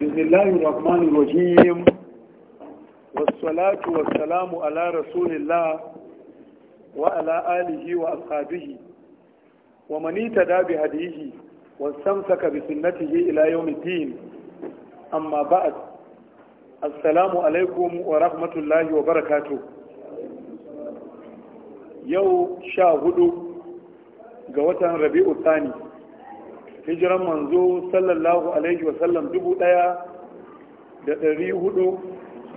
بسم الله الرحمن الرحيم والصلاة والسلام على رسول الله وعلى آله وأصحابه ومن اهتدى بهديه واستمسك بسنته إلى يوم الدين أما بعد السلام عليكم ورحمة الله وبركاته يوم شاهد قوة ربيع الثاني hijiran manzo sallallahu alaihi wasallam dubu ɗaya da dari hudu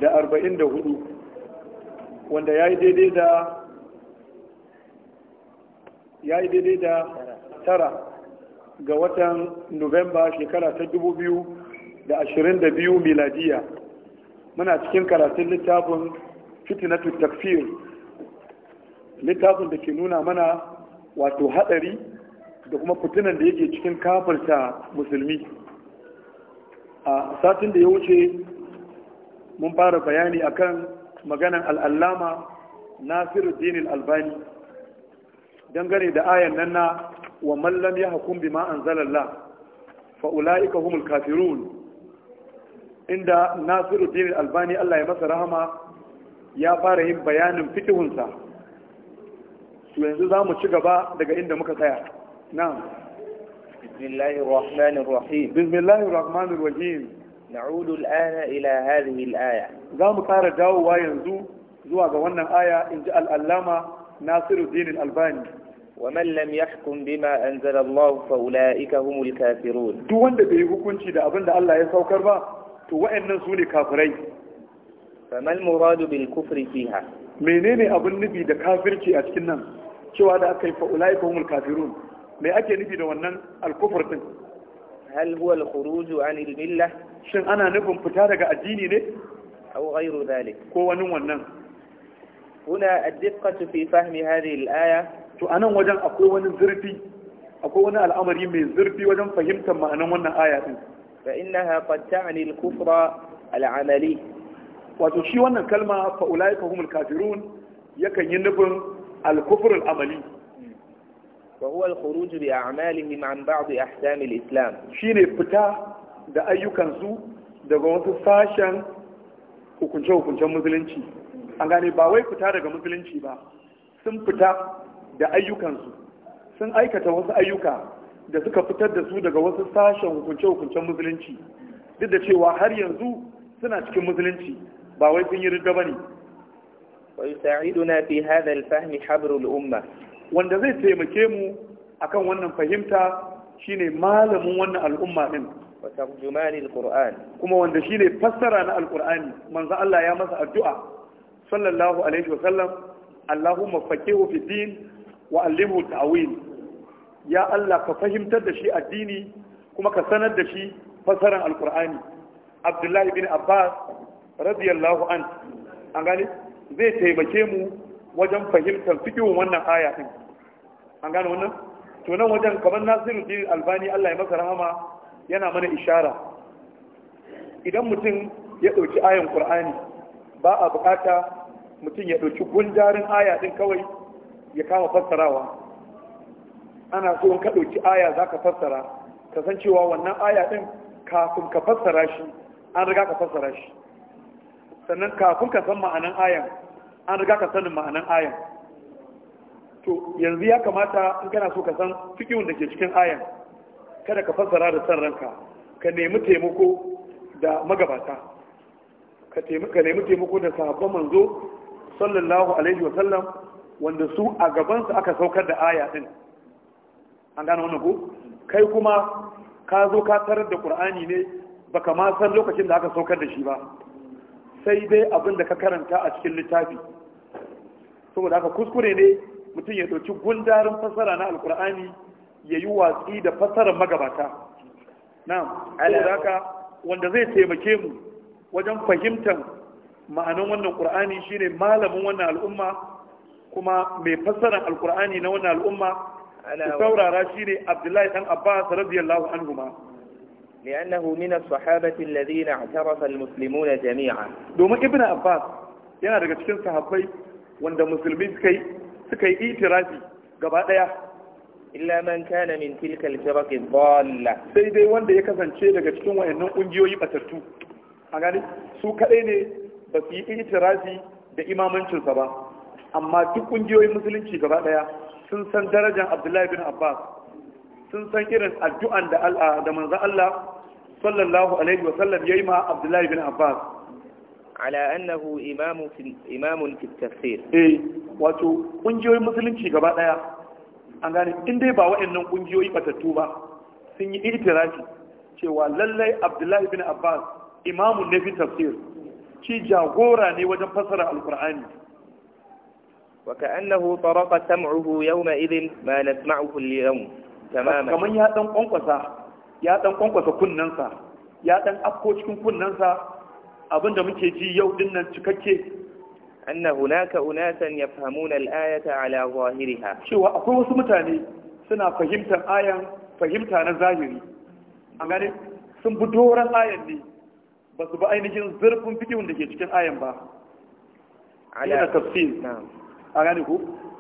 da arba'in da hudu wanda ya yi daidai da ya yi daidai da tara ga watan novemba shekara ta dubu biyu da ashirin da biyu miladiya muna cikin karatun littafin fitinatul takfir littafin da ke nuna mana wato haɗari da kuma fitinan da yake cikin kafarta musulmi a satin da ya wuce mun fara bayani a akan maganan al'allama nasiru dinin albani dangane da ayan nan na wa mallam ya hakun bi ma'an zalalla fa'ula'ika humul kafirun inda nasiru dinin albani allah ya masa rahama ya fara yin bayanin fitihunsa, su yanzu za mu ci gaba daga inda muka tsaya نعم بسم الله الرحمن الرحيم بسم الله الرحمن الرحيم نعود الآن إلى هذه الآية زام كار جاو وينزو زوا غوانا آية إن جاء الألامة ناصر الدين الألباني ومن لم يحكم بما أنزل الله فأولئك هم الكافرون تو وند بي hukunci da abin da Allah ya saukar ba to wayannan su ne kafirai famal muradu bil kufri fiha menene abin nufi da kafirci a cikin nan cewa da aka yi fa ulaika humul kafirun me ake nufi da wannan alkufur din hal huwa al-khuruj an al-milla shin ana nufin fita daga addini ne aw ghayru dhalik ko wani wannan huna ad-diqqatu fi fahmi hadhihi al-aya to anan wajen akwai wani zurfi akwai wani al'amari mai zurfi wajen fahimtar ma'anan wannan aya din fa innaha qad ta'ni al-kufra al-amali wato shi wannan kalma fa ulaika humul kafirun yakan yi nufin al-kufr al-amali wa huwa al-khuruj bi a'malihim an ba'd ahkam al-islam shine fita da ayyukan su daga wasu sashen hukunce hukuncen musulunci an gane ba wai fita daga musulunci ba sun fita da ayyukan su sun aikata wasu ayyuka da suka fitar da su daga wasu sashen hukunce hukuncen musulunci duk da cewa har yanzu suna cikin musulunci ba wai sun yi ridda bane ويساعدنا في هذا الفهم حبر الأمة wanda zai taimake mu akan wannan fahimta shine malamin wannan al'umma din alquran kuma wanda shine fassara na alqurani manzo Allah ya masa addu'a sallallahu alaihi wa sallam Allahumma faqihu fi din wa allimhu ta'wil ya Allah ka fahimtar da shi addini kuma ka sanar da shi fassaran alqurani Abdullahi ibn Abbas radiyallahu an an zai taimake mu wajen fahimtar fikihun wannan aya din an gane wannan to nan wajen kamar nasiruddin albani allah ya masa rahama yana mana ishara idan mutum ya ɗauki ayan ƙur'ani ba a buƙata mutum ya ɗauki gundarin aya din kawai ya kama fassarawa ana so in ka ɗauki aya za ka san cewa wannan aya din kafin ka fassara shi an riga ka fassara shi sannan kafin ka san ma'anan ayan an riga ka sanin ma'anan ayan to yanzu ya kamata in kana so ka san fikihun da ke cikin ayan kada ka fassara da san ranka ka nemi taimako da magabata ka nemi taimako da sahabban manzo sallallahu alaihi wasallam wanda su a gabansu aka saukar da aya din an gano wannan ko kai kuma ka zo ka tarar da qur'ani ne baka ma san lokacin da aka saukar da shi ba sai dai abin da ka karanta a cikin littafi saboda haka kuskure ne mutum ya dauki gundarin fasara na alkur'ani ya yi watsi da fasarar magabata na alaka wanda zai taimake mu wajen fahimtar ma'anin wannan qur'ani shine malamin wannan al'umma kuma mai fasarar alkur'ani na wannan al'umma ku saurara shine abdullahi dan abbas radiyallahu anhu ma لأنه من الصحابة الذين اعترف المسلمون جميعا دوما ابن عباس yana daga cikin sahabbai wanda musulmi suka yi suka yi itirafi gaba daya illa man kana min tilka al-shabaq dhalla sai dai wanda ya kasance daga cikin wayannan kungiyoyi batattu a gani su kadai ne ba su yi itirafi da imamancin sa ba amma duk kungiyoyin musulunci gaba daya sun san darajar Abdullahi bin Abbas sun san irin addu'an da al'a da manzo Allah sallallahu alaihi wa sallam yayi ma Abdullahi bin Abbas ala annahu imamun fi tafsir kungiyoyin eh, musulunci gaba daya an gane in dai ba waɗannan kungiyoyi batattu ba sun yi itirafi cewa lallai Abdullahi bin Abbas imamun ne fi tafsir shi jagora ne wajen fassara alkur'ani wa ka'annahu tarafa sam'uhu yawma idhin ma nasma'uhu al-yawm tamaman kaman ya ɗan kwankwasa ya dan kwankwasa kunnansa ya dan afko cikin kunnansa abinda muke ji yau dinnan cikakke anna hunaka unasan yafhamuna al-ayata ala zahiriha cewa akwai wasu mutane suna fahimtar ayan fahimta na zahiri amma gane sun bi doran ayan ne ba su bi ainihin zurfin fikihun da ke cikin ayan ba ala tafsir an gane ku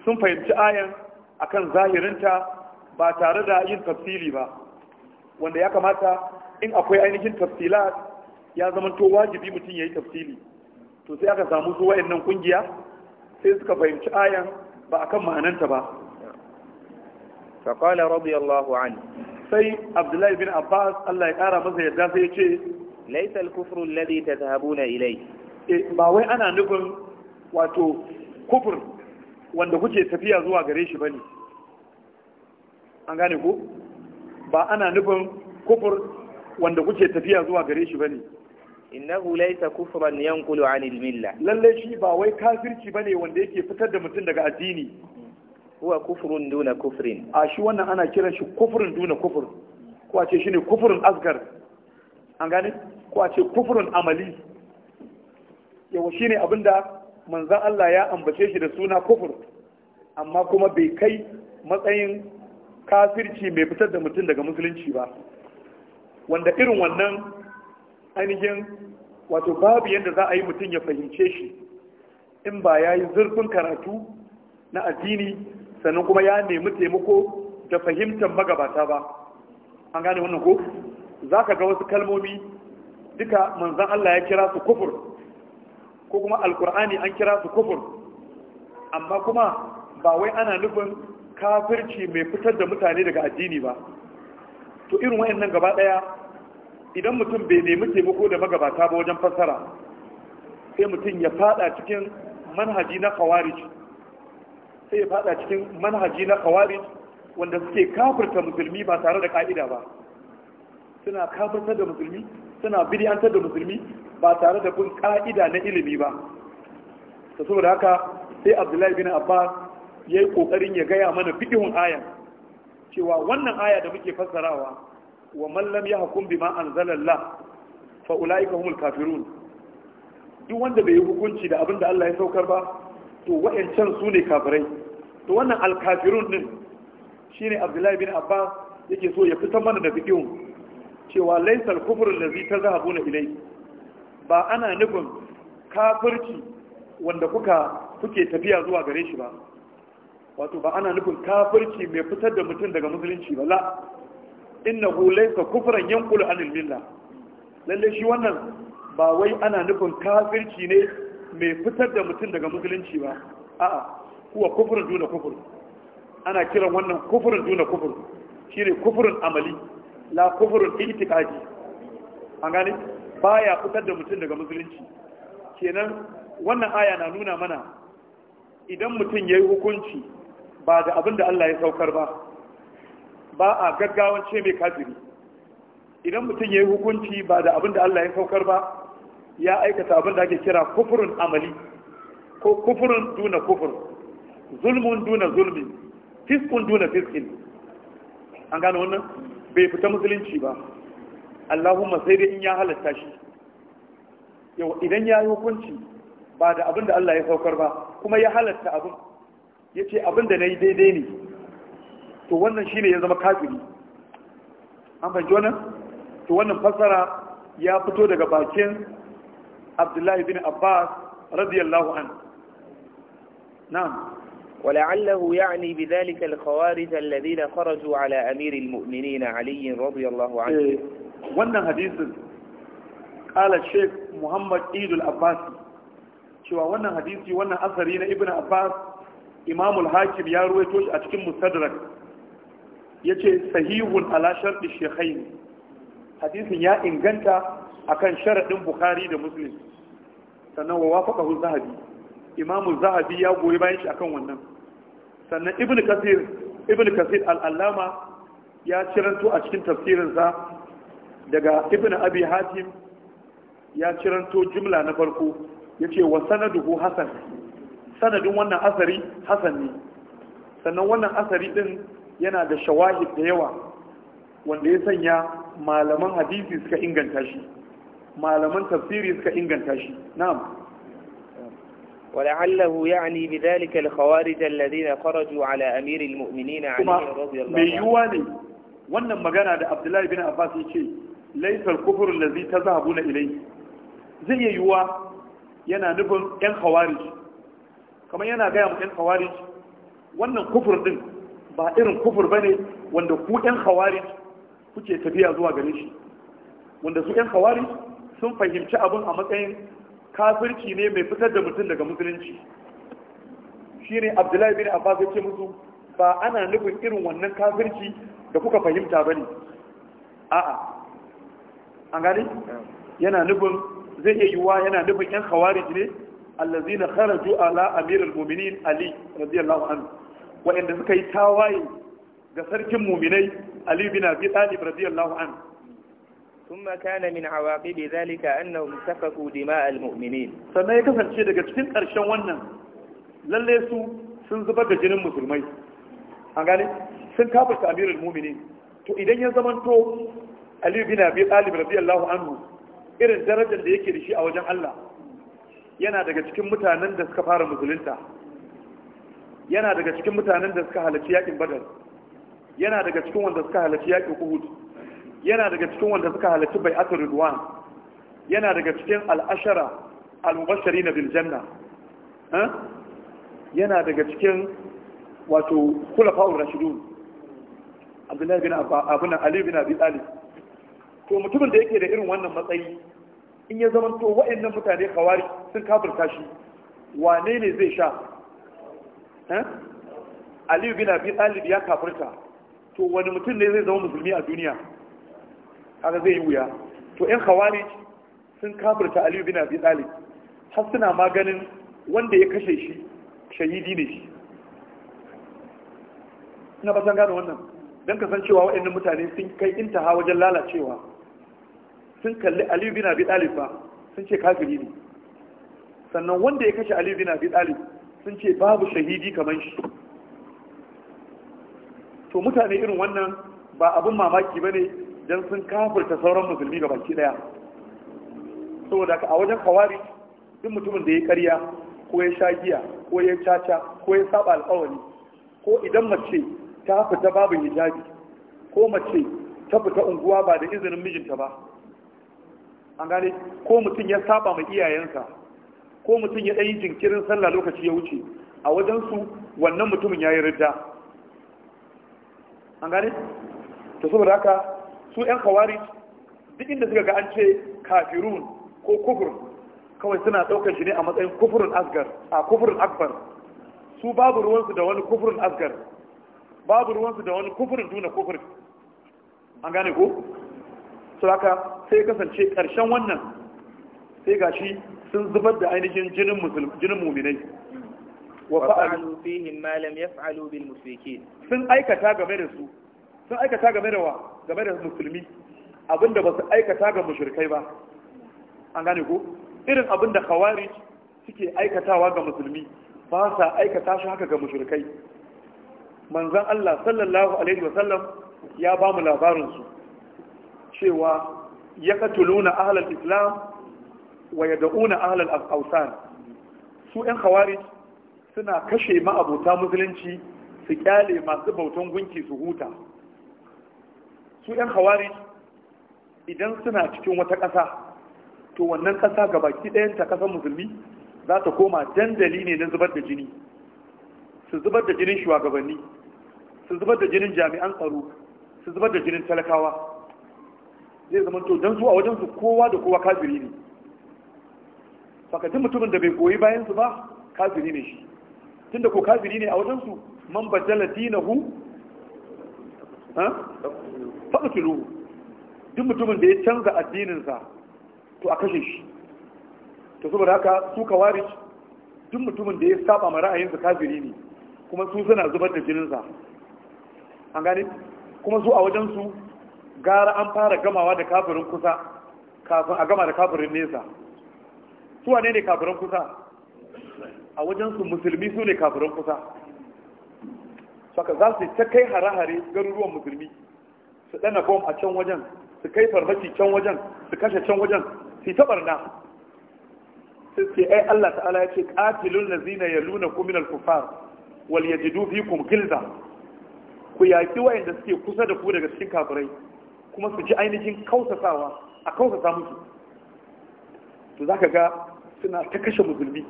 sun fahimci ayan akan zahirinta ba tare da yin tafsiri ba wanda ya kamata in akwai ainihin tafsilat ya zama to wajibi mutum ya yi tafsili to sai aka samu su nan kungiya sai suka fahimci ayan ba a kan ma'ananta ba faƙala radiyallahu an sai abdullahi bin abbas allah ya ƙara masa yadda sai ya ce laisal kufru alladhi tadhhabuna ilai eh, ba wai ana nufin wato kufur wanda kuke tafiya zuwa gare shi bane an gane ku ba ana nufin kufur wanda kuke tafiya zuwa gare shi bane innahu laysa kufran yanqulu anil milla lalle shi ba wai kafirci bane wanda yake fitar da mutum daga addini huwa kufrun duna kufrin a shi wannan ana kiran shi kufrun duna kufur ko a ce shine kufrun asgar an gane ko a ce kufrun amali yawa shine abinda manzon Allah ya ambace shi da suna kufur amma kuma bai kai matsayin kafirci mai fitar da mutum daga musulunci ba wanda irin wannan ainihin wato babu yadda za a yi mutum ya fahimce shi in ba ya yi zurfin karatu na addini sannan kuma ya nemi taimako da fahimtar magabata ba an gane wannan ko za ka ga wasu kalmomi duka manzan Allah ya kira su kufur ko kuma alkur'ani an kira su kufur amma kuma ba wai ana nufin kafirci mai fitar da mutane daga addini ba to irin wayannan gaba daya idan mutum bai nemi taimako da magabata ba wajen fassara sai mutum ya fada cikin manhaji na khawarij sai ya fada cikin manhaji na khawarij wanda suke kafirta musulmi ba tare da ka'ida ba suna kafirta da musulmi suna bid'antar da musulmi ba tare da bin ka'ida na ilimi ba ta saboda haka sai abdullahi bin abbas ya yi kokarin ya gaya mana fiƙihun aya cewa wannan aya da muke fassarawa wa man lam yahkum bima anzalallah fa ulaika humul kafirun duk wanda bai yi hukunci da abin da Allah ya saukar ba to wa'ancan su ne kafirai to wannan alkafirun din shine Abdullahi bin Abbas yake so ya fitar mana da fiqhun cewa laysal kufru allazi tazahabuna ilayhi ba ana nufin kafirci wanda kuka kuke tafiya zuwa gare shi ba wato ba ana nufin kafirci mai fitar da mutum daga musulunci ba la innahu laysa kufran yanqulu anil milla lalle shi wannan ba wai ana nufin kafirci ne mai fitar da mutum daga musulunci ba a'a kuwa kufrun duna kufur ana kiran wannan kufrun duna kufur shine kufrun amali la kufrun i'tiqadi an gane baya fitar da mutum daga musulunci kenan wannan aya na nuna mana idan mutum yayi hukunci ba da abin da Allah ya saukar ba ba a gaggawan ce mai kafiri idan mutum ya yi hukunci ba da abin da Allah ya saukar ba ya aikata abin da ake kira kufurin amali ko kufurin duna kufur zulmun duna zulmi fiskun duna fiskin an gano wannan bai fita musulunci ba Allahumma sai dai in ya halatta shi yau idan ya yi hukunci ba da abin da Allah ya saukar ba kuma ya halatta abin ya ce abin da na yi daidai ne to wannan shine ya zama kafiri an fahimci wannan to wannan fassara ya fito daga bakin abdullahi bin abbas radiyallahu an na'am ولعله يعني بذلك الخوارج الذين خرجوا على امير المؤمنين علي رضي الله عنه wannan hadisin قال الشيخ محمد عيد العباسي cewa wannan hadisi wannan asari na Ibn abbas Imamul hakim ya ruwaito shi a cikin mustadrak Ya ce sahihun ala shartu shaykhain hadisin ya inganta a kan sharaɗin bukhari da muslim sannan wa wafaqahu zahabi imam zahabi ya goyi bayan shi akan wannan sannan ibn kasir ibn kasir al-allama ya ciranto a cikin tafsirinsa daga ibn abi hatim ya ciranto jumla na farko Ya ce wa sanaduhu hasan sanadin wannan asari hasan ne sannan wannan asari din yana da shawahid da yawa wanda ya sanya malaman hadisi suka inganta shi malaman tafsiri suka inganta shi na'am ولعله يعني بذلك الخوارج الذين خرجوا على أمير المؤمنين علي رضي الله عنه يوالي wannan magana da Abdullahi bin Abbas yake laysal kufr allazi tazhabuna ilayhi zai iya yiwuwa yana nufin yan khawarij kamar yana gaya mu yan khawarij wannan kufur din ba irin kufur ne wanda ku ɗan hawari kuke tafiya zuwa gare shi wanda su ɗan hawari sun fahimci abin a matsayin kafirci ne mai fitar da mutum daga musulunci shi ne abdullahi bin abbas ya ce musu ba ana nufin irin wannan kafirci da kuka fahimta ba ne a'a an gani yana nufin zai iya yiwuwa yana nufin yan khawarij ne allazina kharaju ala amirul mu'minin ali radiyallahu anhu waɗanda suka yi tawaye ga sarkin muminai Ali bin Abi Talib radiyallahu an ثم كان من عواقب zalika annahum safaku دماء muminin sannan ya kasance daga cikin ƙarshen wannan lalle su sun zubar da jinin musulmai an gane sun kafa amirul mu'minin to idan ya zamanto Ali bin Abi Talib radiyallahu anhu irin darajar da yake da shi a wajen Allah yana daga cikin mutanen da suka fara musulunta yana daga cikin mutanen da suka halarci yakin badar yana daga cikin wanda suka halarci yakin uhud yana daga cikin wanda suka halarci bai asir ridwan yana daga cikin al'ashara al-mubashari na biljanna yana daga cikin wato kula fa'ul rashidun abdullahi bin abuna ali bin abi talib to mutumin da yake da irin wannan matsayi in ya zama to wa'annan mutane kawari sun kafirta shi wane ne zai sha Eh? aliyu bin abi talib ya kafirta to wani mutum ne zai zama musulmi a duniya haka zai yi wuya to yan khawarij sun kafirta aliyu bin abi talib har suna maganin wanda ya kashe shi shahidi ne shi ina ba san gano wannan don kasancewa waɗannan mutane sun kai intaha wajen lalacewa sun kalli aliyu bin abi talib ba sun ce kafiri ne sannan wanda ya kashe aliyu bin abi talib sun ce babu shahidi kamar shi to mutane irin wannan ba abin mamaki ba ne don sun kafurta sauran musulmi ga baki daya saboda a wajen kawari duk mutumin da ya karya ko ya sha giya ko ya caca ko ya saba alkawari ko idan mace ta fita babu hijabi ko mace ta fita unguwa ba da izinin mijinta ba an gane ko mutum ya saba mai iyayensa ko mutum ya ɗanyi jinkirin sallah lokaci ya wuce a wajensu wannan mutumin ya yi ridda an gane? ta saboda haka su 'yan kawari duk inda suka ga an ce kafirun ko kufur kawai suna ɗaukar shi ne a matsayin kufurin asgar a kufurin akbar su babu ruwansu da wani kufurin asgar babu ruwansu da wani kufurin duna kufurin an gane ko? su haka sai kasance ƙarshen wannan sai gashi sun zubar da ainihin jinin jinin mu'minai wa fa'alu fihim ma lam yaf'alu bil musyrikin sun aikata game da su sun aikata game da wa game da musulmi abinda ba su aikata ga mushrikai ba an gane ko irin abinda khawarij suke aikatawa ga musulmi ba sa aikata shi haka ga mushrikai manzon Allah sallallahu alaihi wasallam ya ba mu labarin su cewa yaqtuluna ahlal islam wa yad'una al awsan su yan khawarij suna kashe ma'abota musulunci su kyale masu bautan gunki su huta su yan khawarij idan suna cikin wata ƙasa to wannan ƙasa ga baki ɗayan ta ƙasar musulmi za ta koma dandali ne na zubar da jini su zubar da jinin shugabanni su zubar da jinin jami'an tsaro su zubar da jinin talakawa zai zama to don su a wajen su kowa da kowa kafiri ne saka mutumin da bai goyi bayan su ba kafiri ne shi tunda ko kafiri ne a wajen su man badala dinahu ha faqtuluhu duk mutumin da ya canza addinin sa to a kashe shi to saboda haka su kawarij duk mutumin da ya saba ma ra'ayin sa kafiri ne kuma su suna zubar da jinin sa an gane kuma su a wajen su gara an fara gamawa da kafirin kusa kafin a gama da kafirin nesa su wane ne kafiran kusa a wajensu musulmi su ne kafiran kusa saka za su ta kai hare-hare garuruwan musulmi su ɗana bom a can wajen su kai farmaki can wajen su kashe can wajen su ta barna sai ce ai Allah ta'ala ya ce qatilul lazina yalunakum minal kufar wal yajidu fikum gilza? ku yaki wayanda suke kusa da ku daga cikin kafirai kuma su ji ainihin kausasawa a kausasa musu to zaka ga suna ta kashe musulmi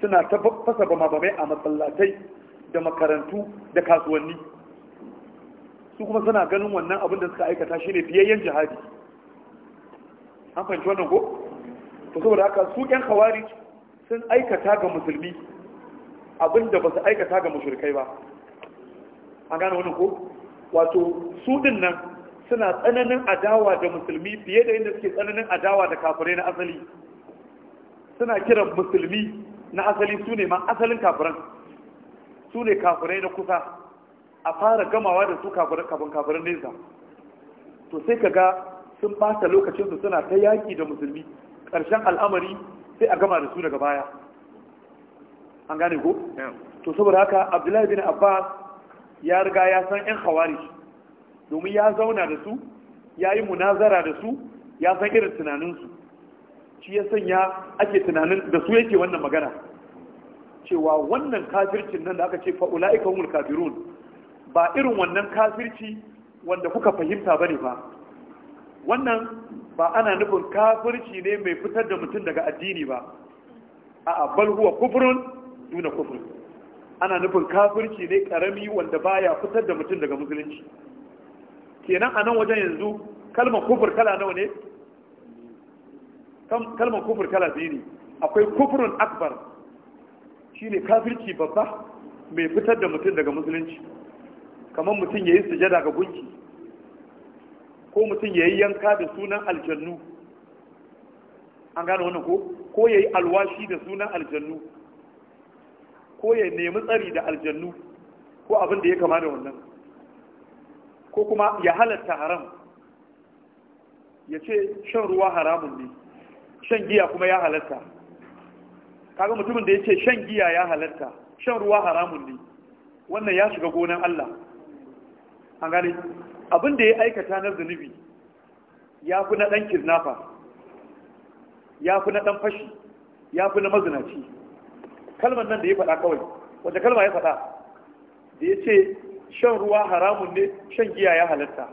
suna ta fasa ba mabamai a masallatai da makarantu da kasuwanni su kuma suna ganin wannan abin da suka aikata shi ne fiyayyen jihadi an fahimci wannan ko to saboda haka su yan kawari sun aikata ga musulmi abin da ba su aikata ga mashirkai ba an gane wannan ko wato su din nan suna tsananin adawa da musulmi fiye da yadda suke tsananin adawa da kafirai na asali suna kiran musulmi na asali su ne ma asalin kafiran su ne kafirai na kusa a fara gamawa da su kafin kafiran nesa to sai ka ga sun bata lokacinsu suna ta yaƙi da musulmi ƙarshen al'amari sai a gama da su daga baya an gane ko? to saboda haka abdullahi bin abbas ya riga ya san 'yan hawari domin ya zauna da su ya yi munazara da su ya san irin tunaninsu shi ya sanya ake tunanin da su yake wannan magana cewa wannan kafircin nan da aka ce fa'ula'ika humul kafirun ba irin wannan kafirci wanda kuka fahimta ba ne ba wannan ba ana nufin kafirci ne mai fitar da mutum daga addini ba a bal huwa kufurun duna kufurun ana nufin kafirci ne karami wanda baya fitar da mutum daga musulunci kenan a nan wajen yanzu kalmar kufur kala nawa ne kalmar kufur kala biyu ne akwai kufurun akbar Shi ne kafirci babba mai fitar da mutum daga musulunci kamar mutum ya yi sujada ga gunki ko mutum ya yi yanka da sunan aljannu an gane wannan ko ko ya yi alwashi da sunan aljannu ko ya nemi tsari da aljannu ko abin da ya kama da wannan ko kuma ya halatta haram ya ce shan ruwa haramun ne shan giya kuma ya halatta kaga mutumin da ya ce shan giya ya halatta shan ruwa haramun ne wannan ya shiga gonan Allah an gane abin da ya aikata na zunubi ya fi na ɗan kidnapper ya fi na ɗan fashi ya fi na mazinaci kalmar nan da ya faɗa kawai wanda kalma ya faɗa da ya ce shan ruwa haramun ne shan giya ya halatta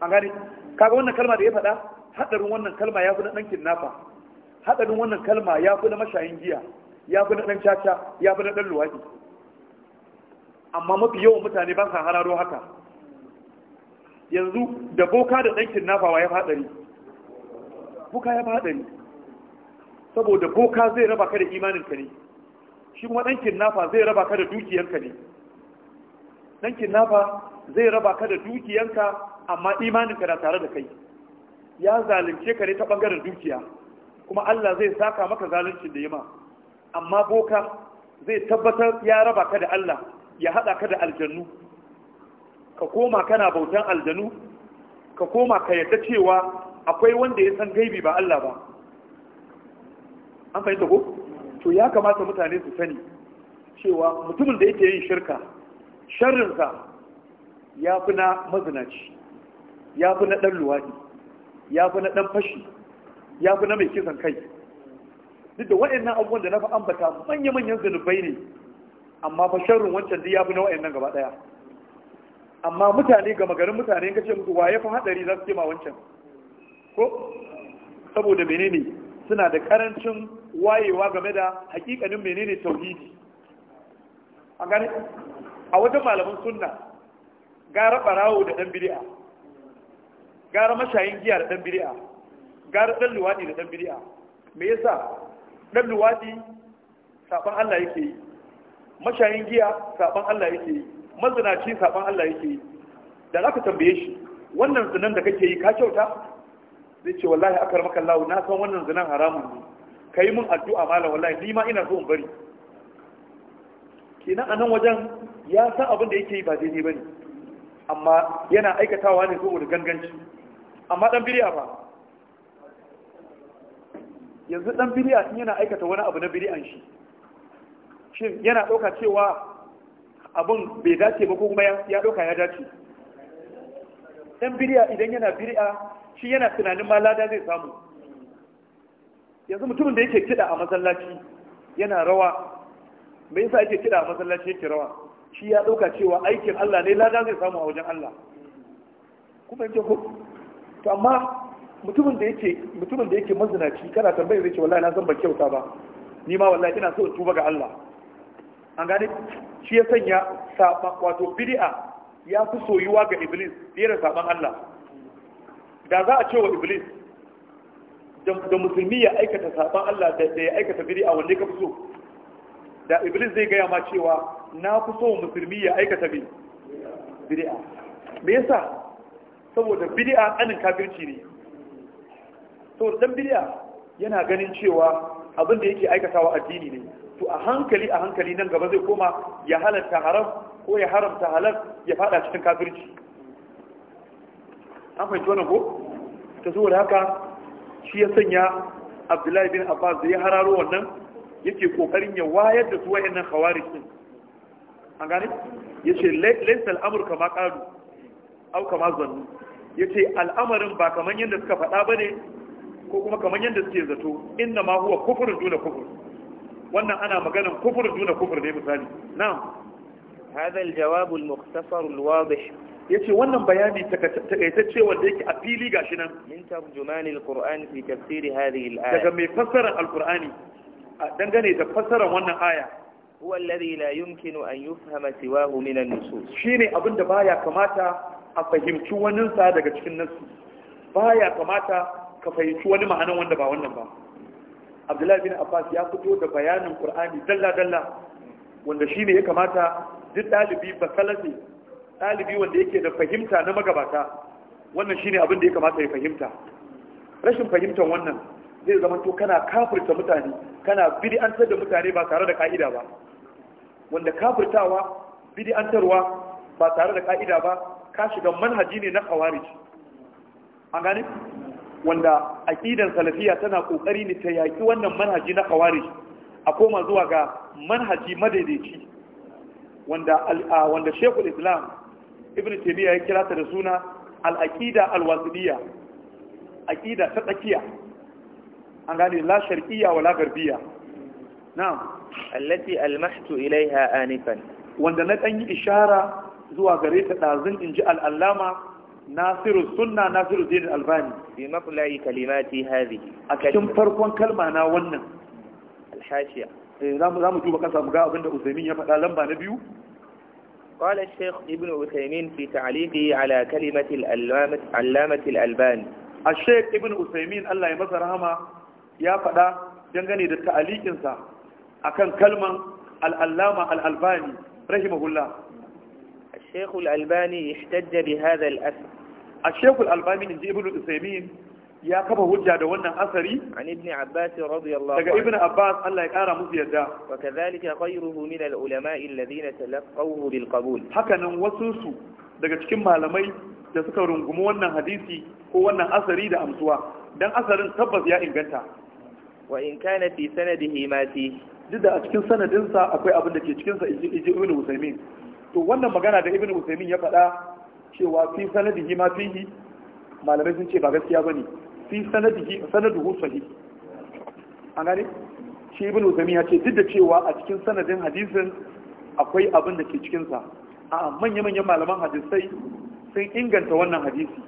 an gane kaga wannan kalma da ya faɗa hadarin wannan kalma ya fi na ɗan kidnapper hadarin wannan kalma ya fi na mashayin giya ya fi na ɗan caca ya fi na ɗan luwaɗi amma mafi yawan mutane ba sa hararo haka yanzu da boka da ɗan kidnapper ya fi hadari boka ya fi hadari saboda boka zai raba ka da imaninka ne shi kuma ɗan kidnapper zai raba ka da dukiyarka ne ɗan kidnapper zai raba ka da dukiyanka amma imaninka na tare da kai ya zalunce ka ne ta bangaren dukiya kuma Allah zai saka maka zaluncin da ya amma boka zai tabbatar ya raba ka da Allah ya hada ka da aljannu ka koma kana bautan aljanu ka koma ka yadda cewa akwai wanda ya san gaibi ba Allah ba an fahimta ko to ya kamata mutane su sani cewa mutumin da yake yin shirka sharrinsa ya fi na mazinaci ya fi na ɗan luwaɗi ya fi na ɗan fashi ya fi na mai kisan kai duk da waɗannan abubuwan da na fi ambata manya-manyan zunubai ne amma fa sharrin wancan duk ya fi na waɗannan gaba ɗaya amma mutane gama garin mutane ka ce musu wa ya fi haɗari za su ce ma wancan ko saboda menene suna da karancin wayewa game da hakikanin menene tauhidi a gane a wajen malaman sunna gara barawo da ɗan bid'a gara mashayin giya da dan gara ɗan luwaɗi da dan bid'a me yasa ɗan luwaɗi saɓon Allah yake yi mashayin giya saɓon Allah yake yi mazinaci saɓon Allah yake yi da za ka tambaye shi wannan zinan da kake yi ka kyauta zai ce wallahi akar maka Allah na san wannan zinan haramun ne Ka yi mun addu'a mala wallahi ni ma ina so in bari kenan anan wajen ya san abin da yake yi ba daidai ne, amma yana aikatawa ne saboda ganganci amma dan biriya ba yanzu dan biriya in yana aikata wani abu na biri'an shi shi yana ɗauka cewa abun bai dace ba ko kuma ya ɗauka ya dace dan biriya idan yana biriya shi yana tunanin ma lada zai samu yanzu mutumin da yake kiɗa a masallaci yana rawa me yasa yake kiɗa a masallaci yake rawa shi ya ɗauka cewa aikin Allah ne lada zai samu a wajen Allah kuma yake ko to amma mutumin da yake mutumin da yake mazinaci kana tambayar zai ce wallahi na san ban kyauta ba ni ma wallahi ina so in tuba ga Allah an gane shi ya sanya saba wato bid'a ya fi soyuwa ga iblis fiye da saban Allah da za a ce wa iblis da musulmi ya aikata saban Allah da ya aikata bid'a wanda ka fi so da iblis zai gaya ma cewa na fi so musulmi ya aikata bid'a me yasa saboda bidi'a kanin kafirci ne to dan bidi'a, yana ganin cewa abin da yake aikatawa addini ne to a hankali a hankali nan gaba zai koma ya halarta haram ko ya haramta halar, ya fada cikin kafirci an fahimci wannan ko ta da haka shi ya sanya abdullahi bin abbas da ya hararo wannan yake kokarin ya wayar da su wayannan khawarij din an gane yace laysa al-amru kama qalu auka kama zannu ce al'amarin ba kaman yanda suka faɗa ba ne ko kuma kaman yanda suke zato inna ma huwa kufrun duna kufr wannan ana maganan kufrun duna kufr ne misali na'am هذا الجواب المختصر الواضح yace wannan bayani takaitacce wanda yake a fili gashi nan min tarjumani alquran fi tafsir hadhihi alaya daga mai fassara alqurani dangane da fassara wannan aya huwa alladhi la yumkinu an yufhama siwahu min an-nusus shine abinda baya kamata a fahimci waninsa daga cikin nassi ya kamata ka fahimci wani ma'anan wanda ba wannan ba abdullahi bin abbas ya fito da bayanin qur'ani dalla dalla wanda shine ya kamata duk dalibi basalati dalibi wanda yake da fahimta na magabata wannan shine abin da ya kamata ya fahimta rashin fahimtar wannan zai zama to kana kafirta mutane kana bid'antar da mutane ba tare da ka'ida ba wanda kafirtawa bid'antarwa ba tare da ka'ida ba ka shiga manhaji ne na khawarij an gane wanda aqidan salafiya tana kokari ne ta yaki wannan manhaji na khawarij a koma zuwa ga manhaji madaidaici wanda wanda Islam Ibn Taymiyyah ya kira ta da suna al-aqida al ta tsakiya an gane la sharqiyya wala garbiyya na'am allati almahtu ilaiha anifan wanda na ɗan yi ishara zuwa gare ta ɗazin in ji al'allama nasiru sunna nasiru dinin albani bi mafulayi kalimati hari a cikin farkon kalma na wannan alhashiya eh, za mu duba kasa mu ga abinda da usaimin ya faɗa lamba na biyu قال الشيخ ابن عثيمين في تعليقه على كلمة الألامة A الألباني Ibn ابن Allah ya يمسى Rahama ya faɗa dangane da ta'alikinsa akan kalman al'allama al'albani rahimahullah الشيخ الألباني احتج بهذا الأثر الشيخ الألباني من ابن الإسلامين يا كبا وجه دولنا أثري عن ابن عباس رضي الله عنه ابن عباس الله يقارى مزيدا وكذلك غيره من العلماء الذين تلقوه بالقبول حكنا وسوسو daga cikin malamai da suka rungumi wannan hadisi ko wannan asari da amsuwa don asarin tabbas ya inganta wa in kana fi fi duk da a cikin sanadinsa akwai abin da ke cikinsa iji ibn Usaymin to wannan magana da ibn usaimin ya faɗa cewa fi sanadihi ma fihi malamai sun ce ba gaskiya bane fi sanadihi sanaduhu sahih an gane shi ibn usaimin ya ce duk da cewa a cikin sanadin hadisin akwai abin da ke cikin sa a manya manyan malaman hadisai sun inganta wannan hadisi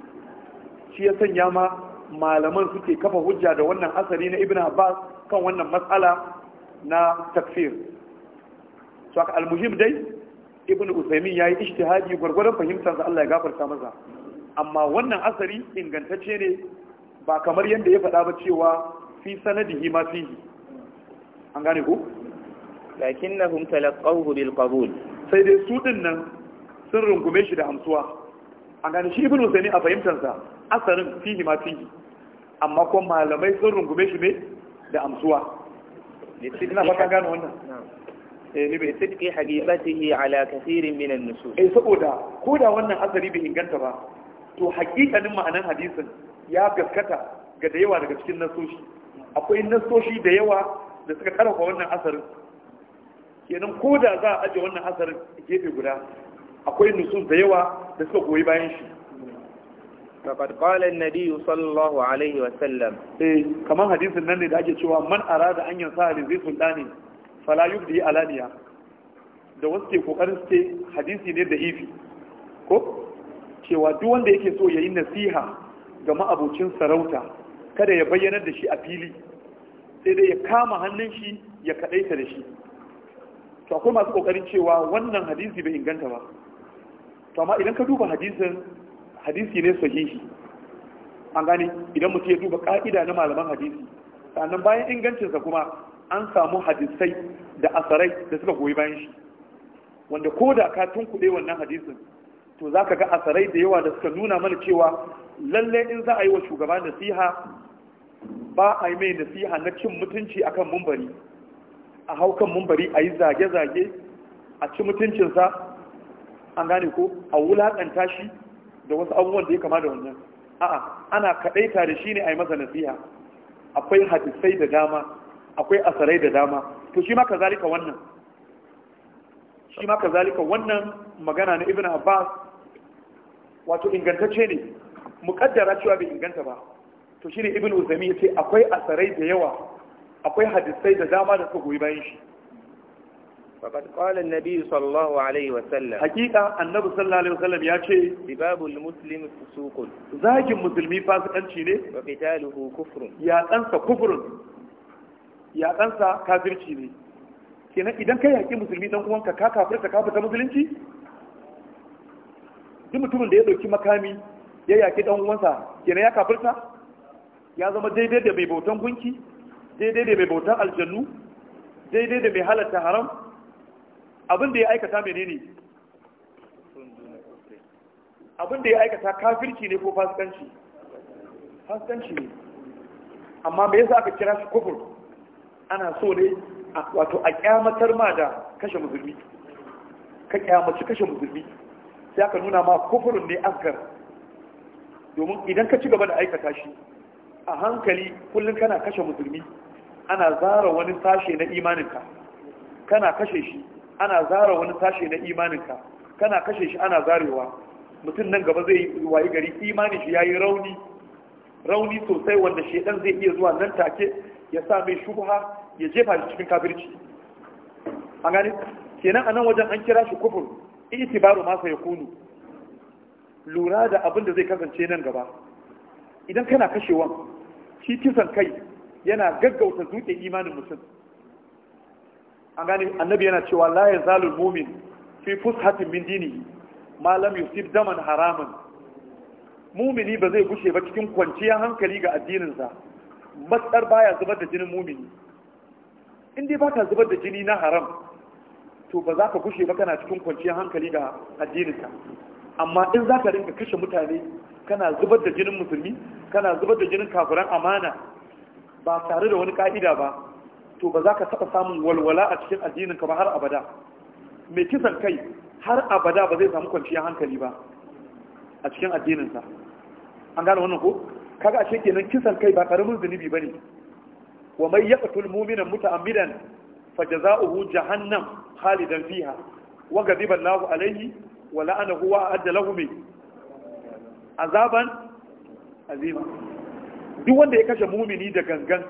shi ya sanya ma malaman suke kafa hujja da wannan asali na ibn abbas kan wannan matsala na takfir so aka almuhim dai ibn usaimin ya yi ishtihadi gwargwadon fahimtar da Allah ya gafarta masa amma wannan asari ingantacce ne ba kamar yadda ya faɗa ba cewa fi sanadihi ma fihi an gane ku lakinnahum talaqawhu bil qabul sai dai su din nan sun rungume shi da amsuwa an gane shi ibn usaimin a fahimtar sa asarin fihi ma fihi amma ko malamai sun rungume shi ne da amsuwa ina fata gane wannan bai sidqi haqiqatihi ala kathirin min an-nusus eh saboda ko da wannan asari bai inganta ba to haƙiƙanin ma'anan hadisin ya gaskata ga da yawa daga cikin nasoshi akwai nasoshi da yawa da suka karfafa wannan asarin kenan ko da za a aje wannan asarin gefe guda akwai nusus da yawa da suka goyi bayan shi فقد قال النبي صلى الله عليه وسلم إيه كمان حديث النبي ده cewa man arada an yansa li zai sultani fala yubdi alaniya da wasu ke kokarin ce hadisi ne da ifi ko cewa duk wanda yake so yi nasiha ga ma'abocin sarauta kada ya bayyana da shi a fili sai dai ya kama hannun shi ya kadaita da shi to akwai masu kokarin cewa wannan hadisi bai inganta ba to amma idan ka duba hadisin hadisi ne sahihi an gane idan mutum ya duba ka'ida na malaman hadisi sannan bayan ingancinsa kuma an samu hadisai da asarai da suka goyi bayan shi wanda ko da ka tunkuɗe wannan hadisin to za ka ga asarai da yawa da suka nuna mana cewa lalle in za a yi wa shugaba nasiha ba a yi mai nasiha na cin mutunci a kan mumbari a hau kan mumbari a yi zage-zage a ci mutuncinsa an gane ko a wulaƙanta shi da wasu abubuwan da ya kama da wannan a'a ana kaɗaita da shi ne a yi masa nasiha akwai hadisai da dama akwai asarai da dama to shi ma kazalika wannan shi ma wannan magana na ibn abbas wato ingantacce ne muƙaddara cewa bai inganta ba to shine ibn uzami yace akwai asarai da yawa akwai hadisai da dama da suka goyi bayan shi فقد قال النبي صلى الله عليه وسلم حقيقة النبي صلى الله عليه وسلم يأتي بباب المسلم فسوق زاج المسلمي فاسقنشي ne وقتاله كفر Ya tsansa كفر Ya ɗansa kafirci ne kenan idan ka yaƙi musulmi dan uwanka ka kafirta ka fita musulunci duk mutumin da ya ɗauki makami ya yaƙi dan uwansa kenan ya kafirta ya zama daidai da mai bautan gunki daidai da mai bautan aljannu daidai da mai halatta haram abin da ya aikata menene abin da ya aikata kafirci ne ko fasikanci fasikanci ne amma me yasa aka kira shi kufur ana so ne wato a kyamatar ma da kashe musulmi ka kyamaci kashe musulmi sai aka nuna ma kufurin ne askar. domin idan ka ci gaba da aikata shi a hankali kullum kana kashe musulmi ana zara wani sashe na imaninka kana kashe shi ana zara wani sashe na imaninka kana kashe shi ana zarewa mutum nan gaba zai wayi gari imanin shi yayi rauni rauni sosai wanda shedan zai iya zuwa nan take ya sa mai shubha ya jefa da cikin kafirci an gani kenan anan wajen an kira shi kufur itibaru masa ya kunu. lura da abin da zai kasance nan gaba idan kana kashewan shi kisan kai yana gaggauta zuke imanin mutum an gani annabi yana cewa la zalun mu'min fi fushatin min dinihi ma lam yusib daman haraman mumini ba zai gushe ba cikin kwanciyar hankali ga addininsa matsar baya zubar da jinin mumini in dai ka zubar da jini na haram to ba za ka gushe ba kana cikin kwanciyar hankali da addininka amma in za ka rinka kashe mutane kana zubar da jinin musulmi kana zubar da jinin kafiran amana ba tare da wani ka'ida ba to ba za ka taɓa samun walwala a cikin addininka ba har abada mai kisan kai har abada ba zai samu kwanciyar hankali ba a cikin addininsa an gane wannan ko kaga ashe kenan kisan kai ba karamin zunubi bane wa mai yaqtul mu'mina muta'ammidan fajaza'uhu jahannam khalidan fiha wa ghadiba Allahu alayhi wa la'anahu wa azaban azima duk wanda ya kashe mumini da gangan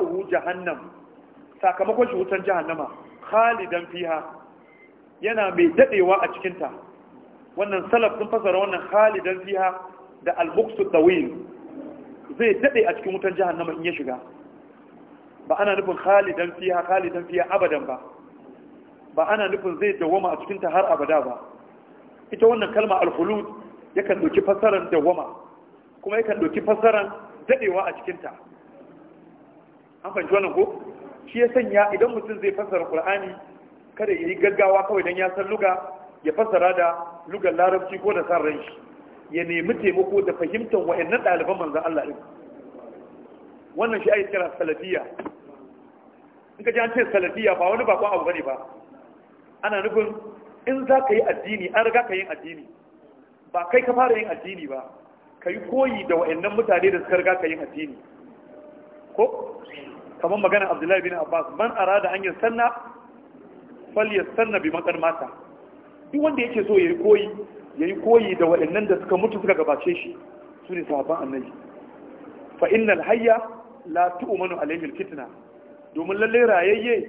uhu jahannam sakamakon shi wutan jahannama khalidan fiha yana mai dadewa a cikin ta wannan salaf sun fasara wannan khalidan fiha da al-muqsu tawil zai dade a cikin wutan jahannama in ya shiga ba ana nufin khalidan fiha khalidan fiha abadan ba ba ana nufin zai dawwama a cikin ta har abada ba ita wannan kalma al-khulud yakan doki fasaran dawwama kuma yakan doki fasaran dadewa a cikin ta an fahimci wannan ko shi ya sanya idan mutum zai fassara qur'ani kada ya yi gaggawa kawai dan ya san luga ya fassara da lugar larabci ko da san ran shi ya nemi taimako da fahimtar wa'annan ɗaliban manzan Allah ɗin wannan shi ake kira salafiya in ka ji an ce salafiya ba wani bakon abu bane ba ana nufin in za ka yi addini an riga ka yin addini ba kai ka fara yin addini ba ka yi koyi da wa'annan mutane da suka riga ka yin addini ko kamar magana abdullahi bin abbas man arada an yi sanna fal sanna bi matan mata duk wanda yake so ya yi koyi ya yi koyi da waɗannan da suka mutu suka gabace shi su ne sahabban annabi fa innal hayya la tu'manu alayhi alfitna domin lalle rayayye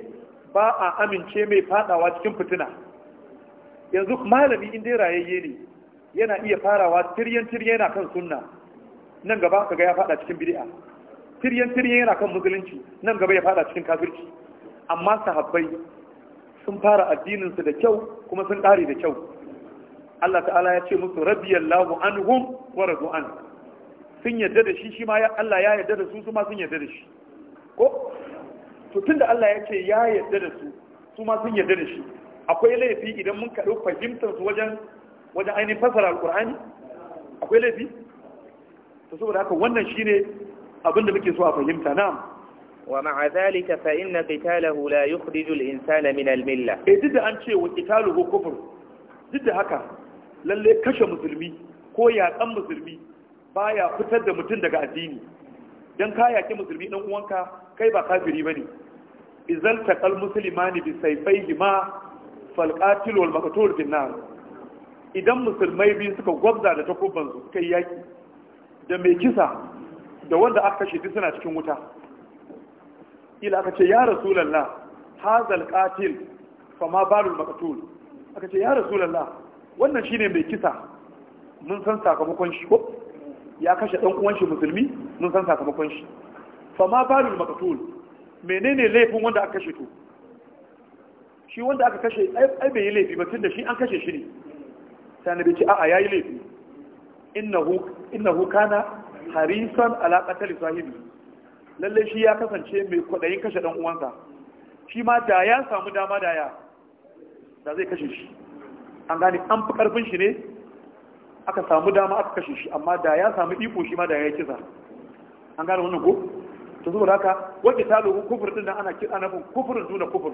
ba a amince mai fadawa cikin fitina yanzu malami in dai rayayye ne yana iya farawa tiryan tiryan yana kan sunna nan gaba kaga ya fada cikin bid'a tiryan tiryan yana kan musulunci nan gaba ya fada cikin kafirci amma sahabbai sun fara addinin su da kyau kuma sun kare da kyau Allah ta'ala ya ce musu radiyallahu anhum wa radu an sun yadda da shi shi ma Allah ya yadda da su su ma sun yadda da shi ko to tunda Allah ya ce ya yadda da su su ma sun yadda da shi akwai laifi idan mun kaɗo fahimtar su wajen wajen ainihin fasara alƙur'ani akwai laifi to saboda haka wannan shine abin da muke so a fahimta na'am ومع ذلك فإن قتاله لا يخرج الإنسان من الملة إذا أنت وقتاله كفر ضد هكا lalle kashe musulmi ko yaƙan musulmi baya fitar da mutum daga addini dan ka yaƙi musulmi dan uwanka kai ba kafiri bane izal taqal muslimani bi sayfayhima fal qatil wal maqtul bin nar idan musulmai biyu suka gwabza da takubban su kai yaki da mai kisa da wanda aka kashe duk suna cikin wuta ila aka ce ya rasulullah hazal qatil fama balul maqtul aka ce ya rasulullah wannan shine mai kisa mun san sakamakon shi ko ya kashe dan uwan shi musulmi mun san sakamakon shi fa ma balul maqtul menene laifin wanda aka kashe to shi wanda aka kashe ai bai yi laifi ba tunda shi an kashe shi ne sai na ce a'a yayi laifi innahu innahu kana harisan ala qatl sahibi lalle shi ya kasance mai kwadayin kashe dan uwansa shi ma da ya samu dama da ya da zai kashe shi an gane an fi karfin shi ne aka samu dama aka kashe shi amma da ya samu iko shi ma da ya kisa an gane wannan ko to saboda haka wanda ta lobu kufur din nan ana kira na nufin kufurin duna kufur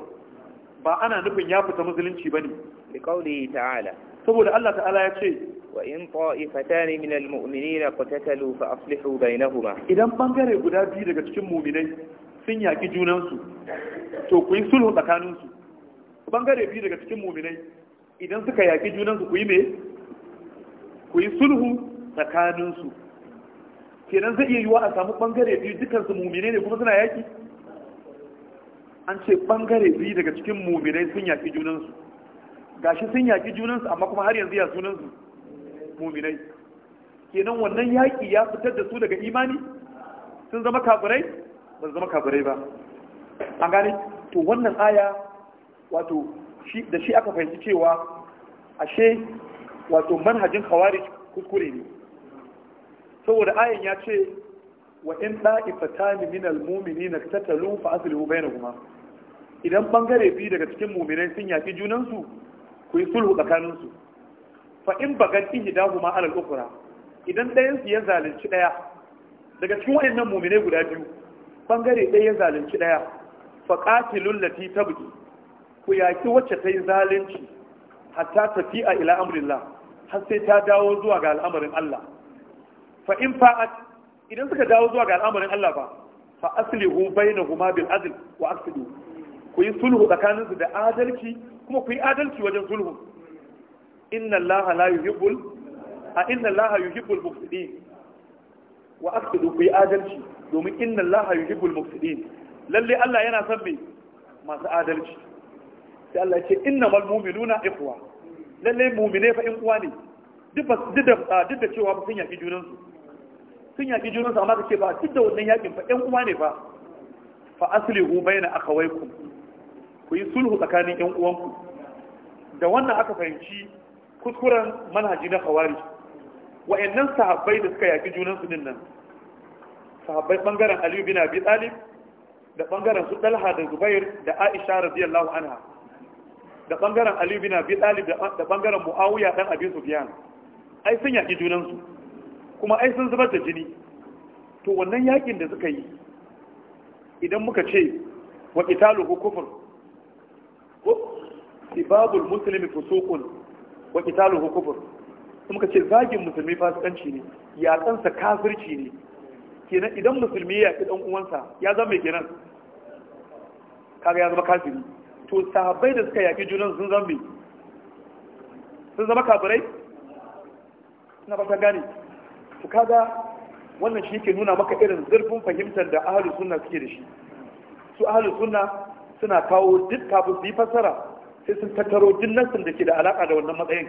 ba ana nufin ya fita musulunci bane li qawli ta'ala saboda Allah ta'ala ya ce wa in ta'ifatan min almu'minina qatatalu fa aslihu bainahuma idan bangare guda biyu daga cikin mu'minai sun yaki junansu to ku yi sulhu tsakaninsu bangare biyu daga cikin mu'minai idan suka yaƙi junansu ku yi me ku yi sulhu tsakaninsu kenan zai iya wa a samu ɓangare biyu dukansu mumine ne kuma suna yaƙi an ce ɓangare biyu daga cikin muminai sun yaƙi junansu gashi sun yaƙi junansu amma kuma har yanzu ya sunansu muminai kenan wannan yaƙi ya fitar da su daga imani sun zama kafirai ba zama kafirai ba an gane to wannan aya wato da shi aka fahimci cewa ashe wato manhajin kawari kuskure ne saboda ayan ya ce wa in na min na tatalu fa aslihu bainahuma idan bangare biyu daga cikin mu'minai sun yafi junan su ku yi sulhu tsakanin su fa in bagat ihdahuma ala al-ukhra idan ɗayansu su ya zalunci ɗaya daga cikin wayannan mu'minai guda biyu bangare ɗaya ya zalunci ɗaya fa qatilul lati tabqi ku yaki wacce ta yi zalunci hatta tafi'a ila amrillah har sai ta dawo zuwa ga al'amarin Allah fa in fa'at idan suka dawo zuwa ga al'amarin Allah ba fa aslihu bainahuma bil adl wa aqsidu ku yi sulhu tsakaninsu da adalci kuma ku yi adalci wajen sulhu inna Allah la yuhibbul a inna Allah yuhibbul mufsidin wa aqsidu ku yi adalci domin inna Allah yuhibbul mufsidin lalle Allah yana son me masu adalci sai Allah ce mal mu'minuna ikhwa lalle mu'mine fa in uwa ne ah, duk da cewa ba sun yaki junan su sun yaki junan su amma kace ba duk da wannan yakin fa ɗan uwa ne fa fa aslihu baina akhawaykum ku yi sulhu tsakanin 'yan uwanku da wannan aka fahimci kuskuren manhaji na wa wa'annan sahabbai da suka yaki junan su din nan sahabbai bangaren Aliyu bin Abi Talib da bangaren su Talha da Zubair da Aisha radiyallahu anha da bangaren Ali bin Abi Talib da bangaren Muawiya dan Abi Sufyan ai sun yaki junan su kuma ai sun zubar da jini to wannan yakin da suka yi idan muka ce wa qitalu kufr ko sibabul muslimi fusuqun wa qitaluhu kufr muka ce zagin musulmi fasikanci ne sa kafirci ne kenan idan musulmi ya yaki dan uwansa ya zama kenan kaga ya zama kafiri to sahabbai da suka yaƙi junan sun zambi sun zama kafirai na baka ta gane to kaga wannan shi ke nuna maka irin zurfin fahimtar da ahalus sunna suke da shi su ahalus sunna suna kawo duk kafin su yi fassara sai sun tattaro duk nassin da ke da alaka da wannan matsayin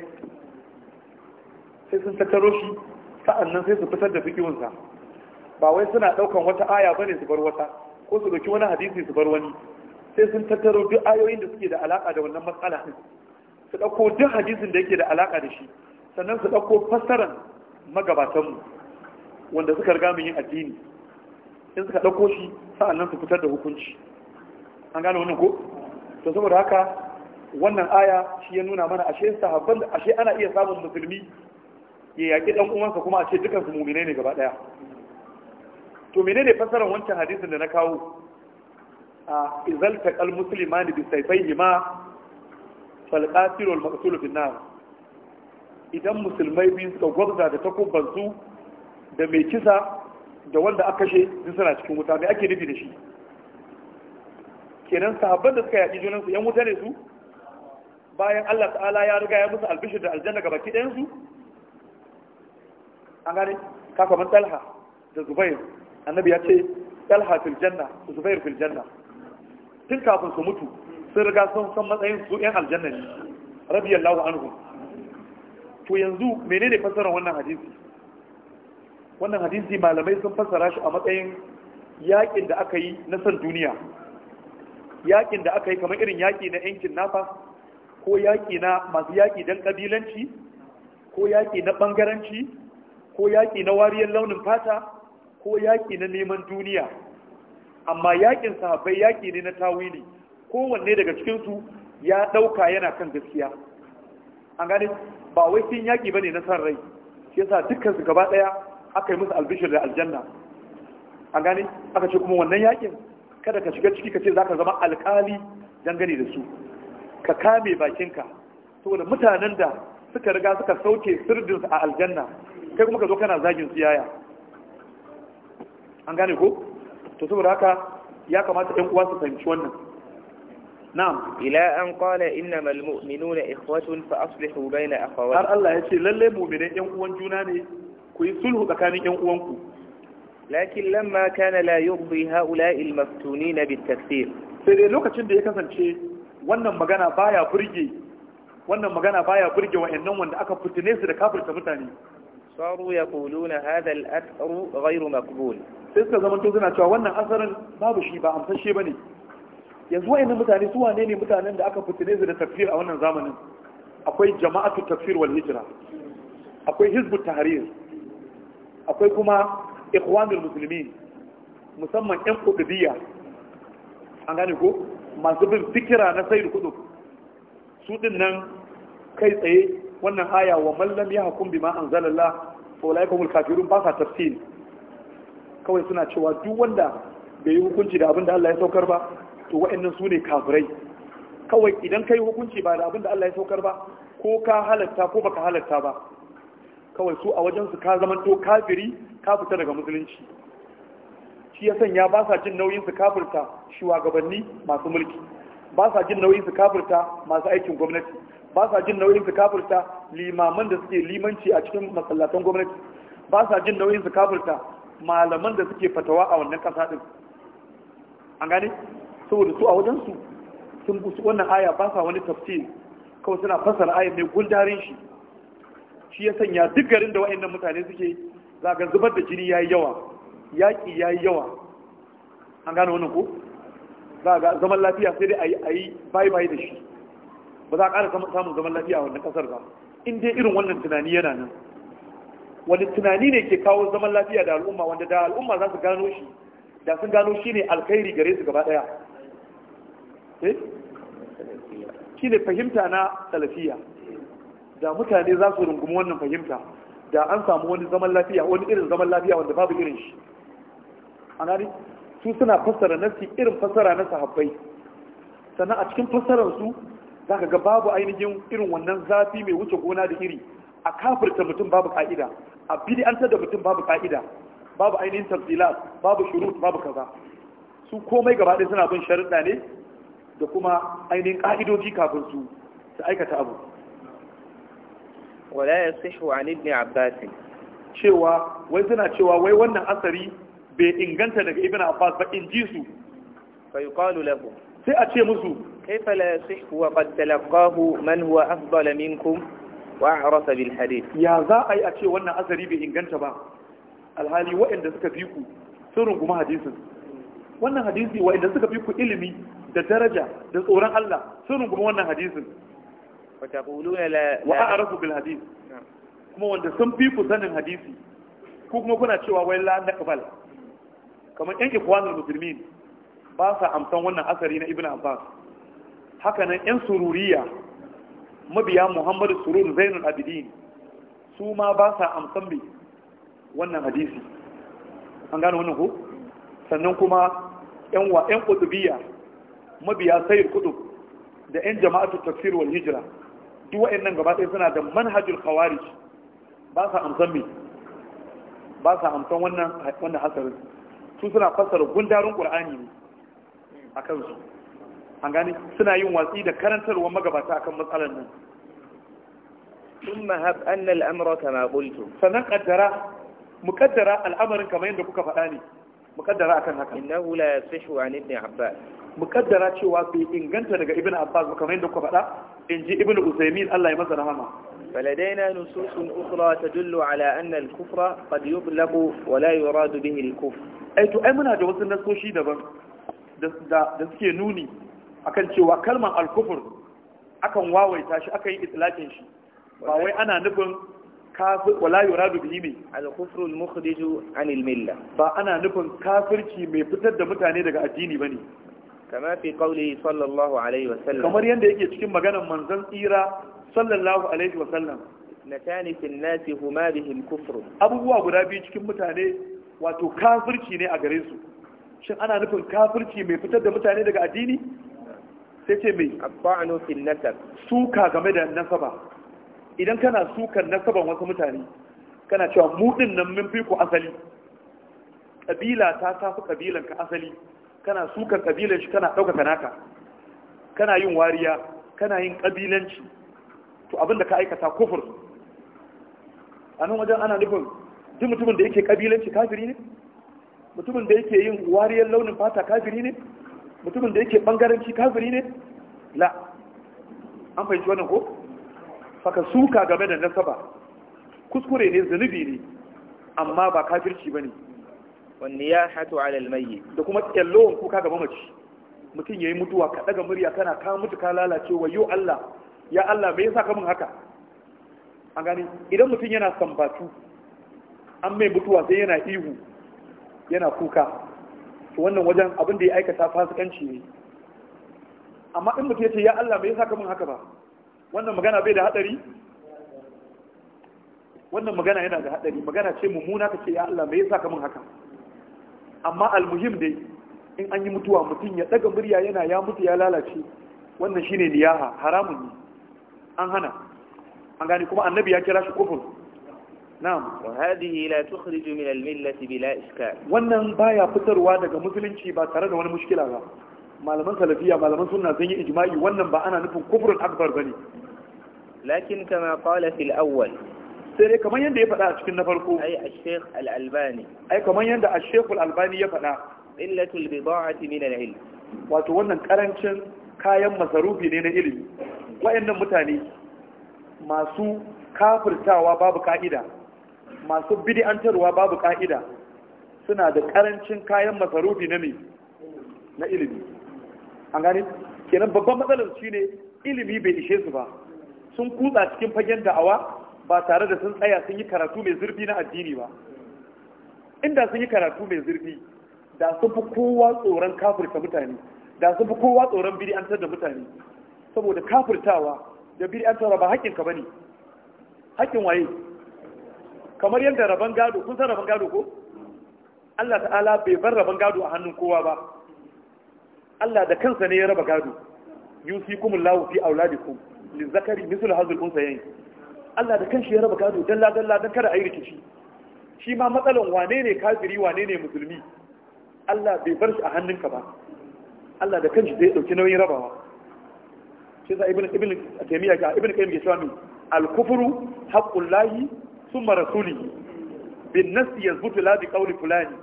sai sun tattaro shi sa'annan sai su fitar da fikihunsa ba wai suna daukan wata aya bane su bar wata ko su ɗauki wani hadisi su bar wani sai sun tattaro duk ayoyin da suke da alaka da wannan matsala din su ɗauko duk hadisin da yake da alaka da shi sannan su ɗauko fassaran magabatanmu wanda suka riga mun yi addini in suka ɗauko shi sa'annan su fitar da hukunci an gane wannan ko to saboda haka wannan aya shi ya nuna mana ashe sahabban ashe ana iya samun musulmi ya yaƙi ɗan uwansa kuma a ce dukansu muminai ne gaba ɗaya to menene fassarar wancan hadisin da na kawo A kal muslimani bi sayfaihi ma fal qatil wal bin nar idan musulmai biyu suka gwabza da takubban su da mai kisa da wanda aka kashe din suna cikin wuta mai ake nufi da shi kenan sahabban da suka yaƙi junan su yan wuta ne su bayan Allah ta'ala ya riga ya musu albishir da aljanna gaba ki ɗayan su an gane kakaman talha da zubair annabi ya ce talha fil janna zubair fil janna tun kafin su mutu sun riga sun san matsayin su yan aljanna ne Rabi Yallahu anhu to yanzu menene fassara wannan hadisi wannan hadisi malamai sun fassara shi a matsayin yakin da aka yi na san duniya yaƙin da aka yi kamar irin yaki na yankin nafa ko yaki na masu yaki don kabilanci ko yaƙi na bangaranci ko yaƙi na wariyar launin fata ko yaƙi na neman duniya amma yakin sahabbai yaki ne na tawili kowanne daga cikin su ya dauka yana kan gaskiya an gane ba wai sun yaki bane na san rai shi yasa dukkan su gaba daya aka yi musu albishir da aljanna an gane aka ce kuma wannan yakin kada ka shiga ciki ka ce zaka zama alkali dangane da su ka kame bakinka saboda mutanen da suka riga suka sauke sirdinsu a aljanna kai kuma ka zo kana zagin siyaya? yaya an gane ko to saboda haka ya kamata ɗan uwa su fahimci wannan na'am ila an qala innamal mu'minuna ikhwatun fa aslihu bayna akhawat har Allah ya ce lalle mu'minan ɗan uwan juna ne ku yi sulhu tsakanin ɗan uwanku lakin lamma kana la yurdi ha'ula'i al-maftunina bit-takfir sai dai lokacin da ya kasance wannan magana baya burge wannan magana baya burge wa'annan wanda aka fitine su da kafirta mutane صاروا يقولون هذا الأثر غير مقبول suka zama to suna cewa wannan asarin babu shi ba ba ne. yanzu wayannan mutane su wane ne mutanen da aka fitine su da tafsir a wannan zamanin akwai jama'atu tafsir wal hijra akwai hizbu tahrir akwai kuma ikhwanul muslimin musamman yan kudubiyya an gane ko masu bin fikira na sayyid kudub su din nan kai tsaye wannan aya wa mallam ya hukum bima anzalallah faulai kuma kafirun ba sa tafsiri kawai suna cewa duk wanda bai yi hukunci da abin da Allah ya saukar ba to wa'annan su ne kafirai kawai idan ka yi hukunci ba da abin da Allah ya saukar ba ko ka halatta ko baka halatta ba kawai su a wajensu ka zamanto kafiri ka fita daga musulunci shi ya sanya ba sa jin nauyin su kafirta shugabanni masu mulki ba sa jin nauyin su kafirta masu aikin gwamnati ba sa jin nauyin su kafirta limaman da suke limanci a cikin masallatan gwamnati ba sa jin nauyin su kafirta malaman da suke fatawa a wannan kasa din an gane saboda su a wajen su sun busu wannan aya ba sa wani tafsir kawai suna fassara ayar ne guldarin shi shi ya sanya duk garin da wayannan mutane suke za ga zubar da jini yayi yawa yaƙi yayi yawa an gane wannan ko za ga zaman lafiya sai dai a yi bai bai da shi ba za a ƙara samun zaman lafiya a wannan ƙasar ba in dai irin wannan tunani yana nan wani tunani ne ke kawo zaman lafiya da al'umma wanda da al'umma za su gano shi da sun gano shi ne alkhairi gare su gaba ɗaya eh? shi ne fahimta na salafiya da mutane za su rungumi wannan fahimta da an samu wani zaman lafiya wani irin zaman lafiya wanda babu irin shi a gani su suna fassara nasi irin fassara na sahabbai sannan a cikin fassararsu za ka ga babu ainihin irin wannan zafi mai wuce gona da iri a kafirta mutum babu ka'ida a bid'antar da mutum babu ka'ida babu ainihin tafsila babu shurut babu kaza su komai gaba ɗaya suna bin sharuɗa ne da kuma ainihin ka'idoji kafin su su aikata abu wala yasihu an ibn abbas cewa wai suna cewa wai wannan asari bai inganta daga ibn abbas ba in ji su fa yuqalu lahu sai a ce musu كيف لا يصح وقد تلقاه من هو أفضل منكم وأعرف بالحديث يا ذا أي أشي وانا أثري بإن كنت با الحالي وإن دسك فيكو سرن كما حديث وانا حديثي وإن دسك فيكو إلمي da daraja da tsoron Allah sun kuma wannan hadisin wa a'rafu bil hadis kuma wanda sun fi ku sanin hadisi ko kuma kuna cewa wai la naqbal kamar yan ikwanul muslimin ba sa amsan wannan asari na ibnu abbas hakanan yan sururiya mabiya muhammadu surur zainul abidin su ma ba sa amsan bi wannan hadisi an gano wannan ko sannan kuma yan wa yan kutubiya mabiya sayyid kutub da yan jama'atu tafsir wal hijra duk wayannan gaba ɗaya suna da manhajul khawarij ba sa amsan bi ba sa amsan wannan wannan hasarin su suna fassara gundarin qur'ani ne a kansu an gane suna yin watsi da karantarwar magabata akan matsalar nan thumma hab anna al-amra kama qultu sanan qaddara muqaddara al'amarin kamar yadda kuka faɗa ne muqaddara akan haka innahu la yasihu an ibn abbas muqaddara cewa bai inganta daga ibn abbas kamar yadda kuka faɗa inji ibn usaymin Allah ya masa rahama فلدينا نصوص أخرى تدل على أن الكفر قد يطلق ولا يراد به الكفر أي تؤمن هذا وصل نسوشي دبا da suke nuni akan cewa kalmar alkufur akan wawaita shi akan yi itlaqin shi ba wai ana nufin kafir wala yuradu bihi ne al-kufru al-mukhriju ba ana nufin kafirci mai fitar da mutane daga addini bane kama fi qawli sallallahu alaihi wa sallam kamar yanda yake cikin maganar manzon tsira sallallahu alaihi wa sallam natani fil nasi huma bihim kufr abubuwa guda biyu cikin mutane wato kafirci ne a gare su shin ana nufin kafirci mai fitar da mutane daga addini sai ce mai abba'anu fil nasab suka game da nasaba idan kana sukan nasaban wasu mutane kana cewa mu din nan mun fi ku asali kabila ta tafi kabilan ka asali kana sukan kabilan shi kana dauka kanaka kana yin wariya kana yin kabilanci to abin da ka aikata kufur a nan wajen ana nufin duk mutumin da yake kabilanci kafiri ne mutumin da yake yin wariyar launin fata kafiri ne mutumin da yake bangaranci kafiri ne la an fahimci wannan ko faka suka game da nasaba kuskure ne zunubi ne amma ba kafirci ba ne wanne ya hatu alal da kuma kyallon kuka ga mamaci mutum ya yi mutuwa ka daga murya kana ka mutu ka lalace wa yo Allah ya Allah me yasa ka mun haka an gani idan mutum yana sambatu an mai mutuwa sai yana ihu yana kuka to wannan wajen abin da ya aikata fasikanci ne amma in mutum ya ce ya Allah bai saka min haka ba wannan magana bai da hadari wannan magana yana da hadari magana ce mummuna ta ce ya Allah bai saka min haka amma almuhim dai in an yi mutuwa mutum ya daga murya yana ya mutu ya lalace wannan shine niyaha haramun ne an hana an gane kuma annabi ya kira shi kufur na'am wa hadhihi la tukhrij min al-millati bila iskal wannan baya fitarwa daga musulunci ba tare da wani mushkila ba malaman salafiya malaman sunna sun yi ijma'i wannan ba ana nufin kufrun akbar ba ne. kama qala fil awwal sai kamar yadda ya faɗa a cikin na farko ai ash-shaykh al-albani ai kamar yadda ash-shaykh albani ya faɗa illatul bida'ati min wannan karancin kayan masarufi ne na ilimi Waɗannan mutane masu kafirtawa babu ka'ida masu bid'antarwa babu ka'ida suna da karancin kayan masarufi na ne na ilimi an gani kenan babban matsalar shi ne ilimi bai ishe su ba sun kutsa cikin fagen da'awa ba tare da sun tsaya sun yi karatu mai zurfi na addini ba inda sun yi karatu mai zurfi da sun fi kowa tsoron kafirta mutane da sun fi kowa tsoron bid'antar da mutane saboda kafurtawa da bid'antarwa ba haƙƙinka ne. haƙƙin waye kamar yadda rabon gado kun san rabon gado ko Allah ta'ala bai bar rabon gado a hannun kowa ba Allah da kansa ne ya raba gado yusikumullahu fi auladikum zakari mislu hazul unsayayn Allah da kanshi ya raba gado dalla dalla dan kada ayi rikici shi ma matsalan wane ne kafiri wane ne musulmi Allah bai bar shi a hannunka ba Allah da kanshi zai dauki nauyin rabawa shi za ibn ibn taymiya ga ibn qayyim ya cewa al-kufru haqqullahi summa rasulihi bin nasi yazbutu la bi qawli fulani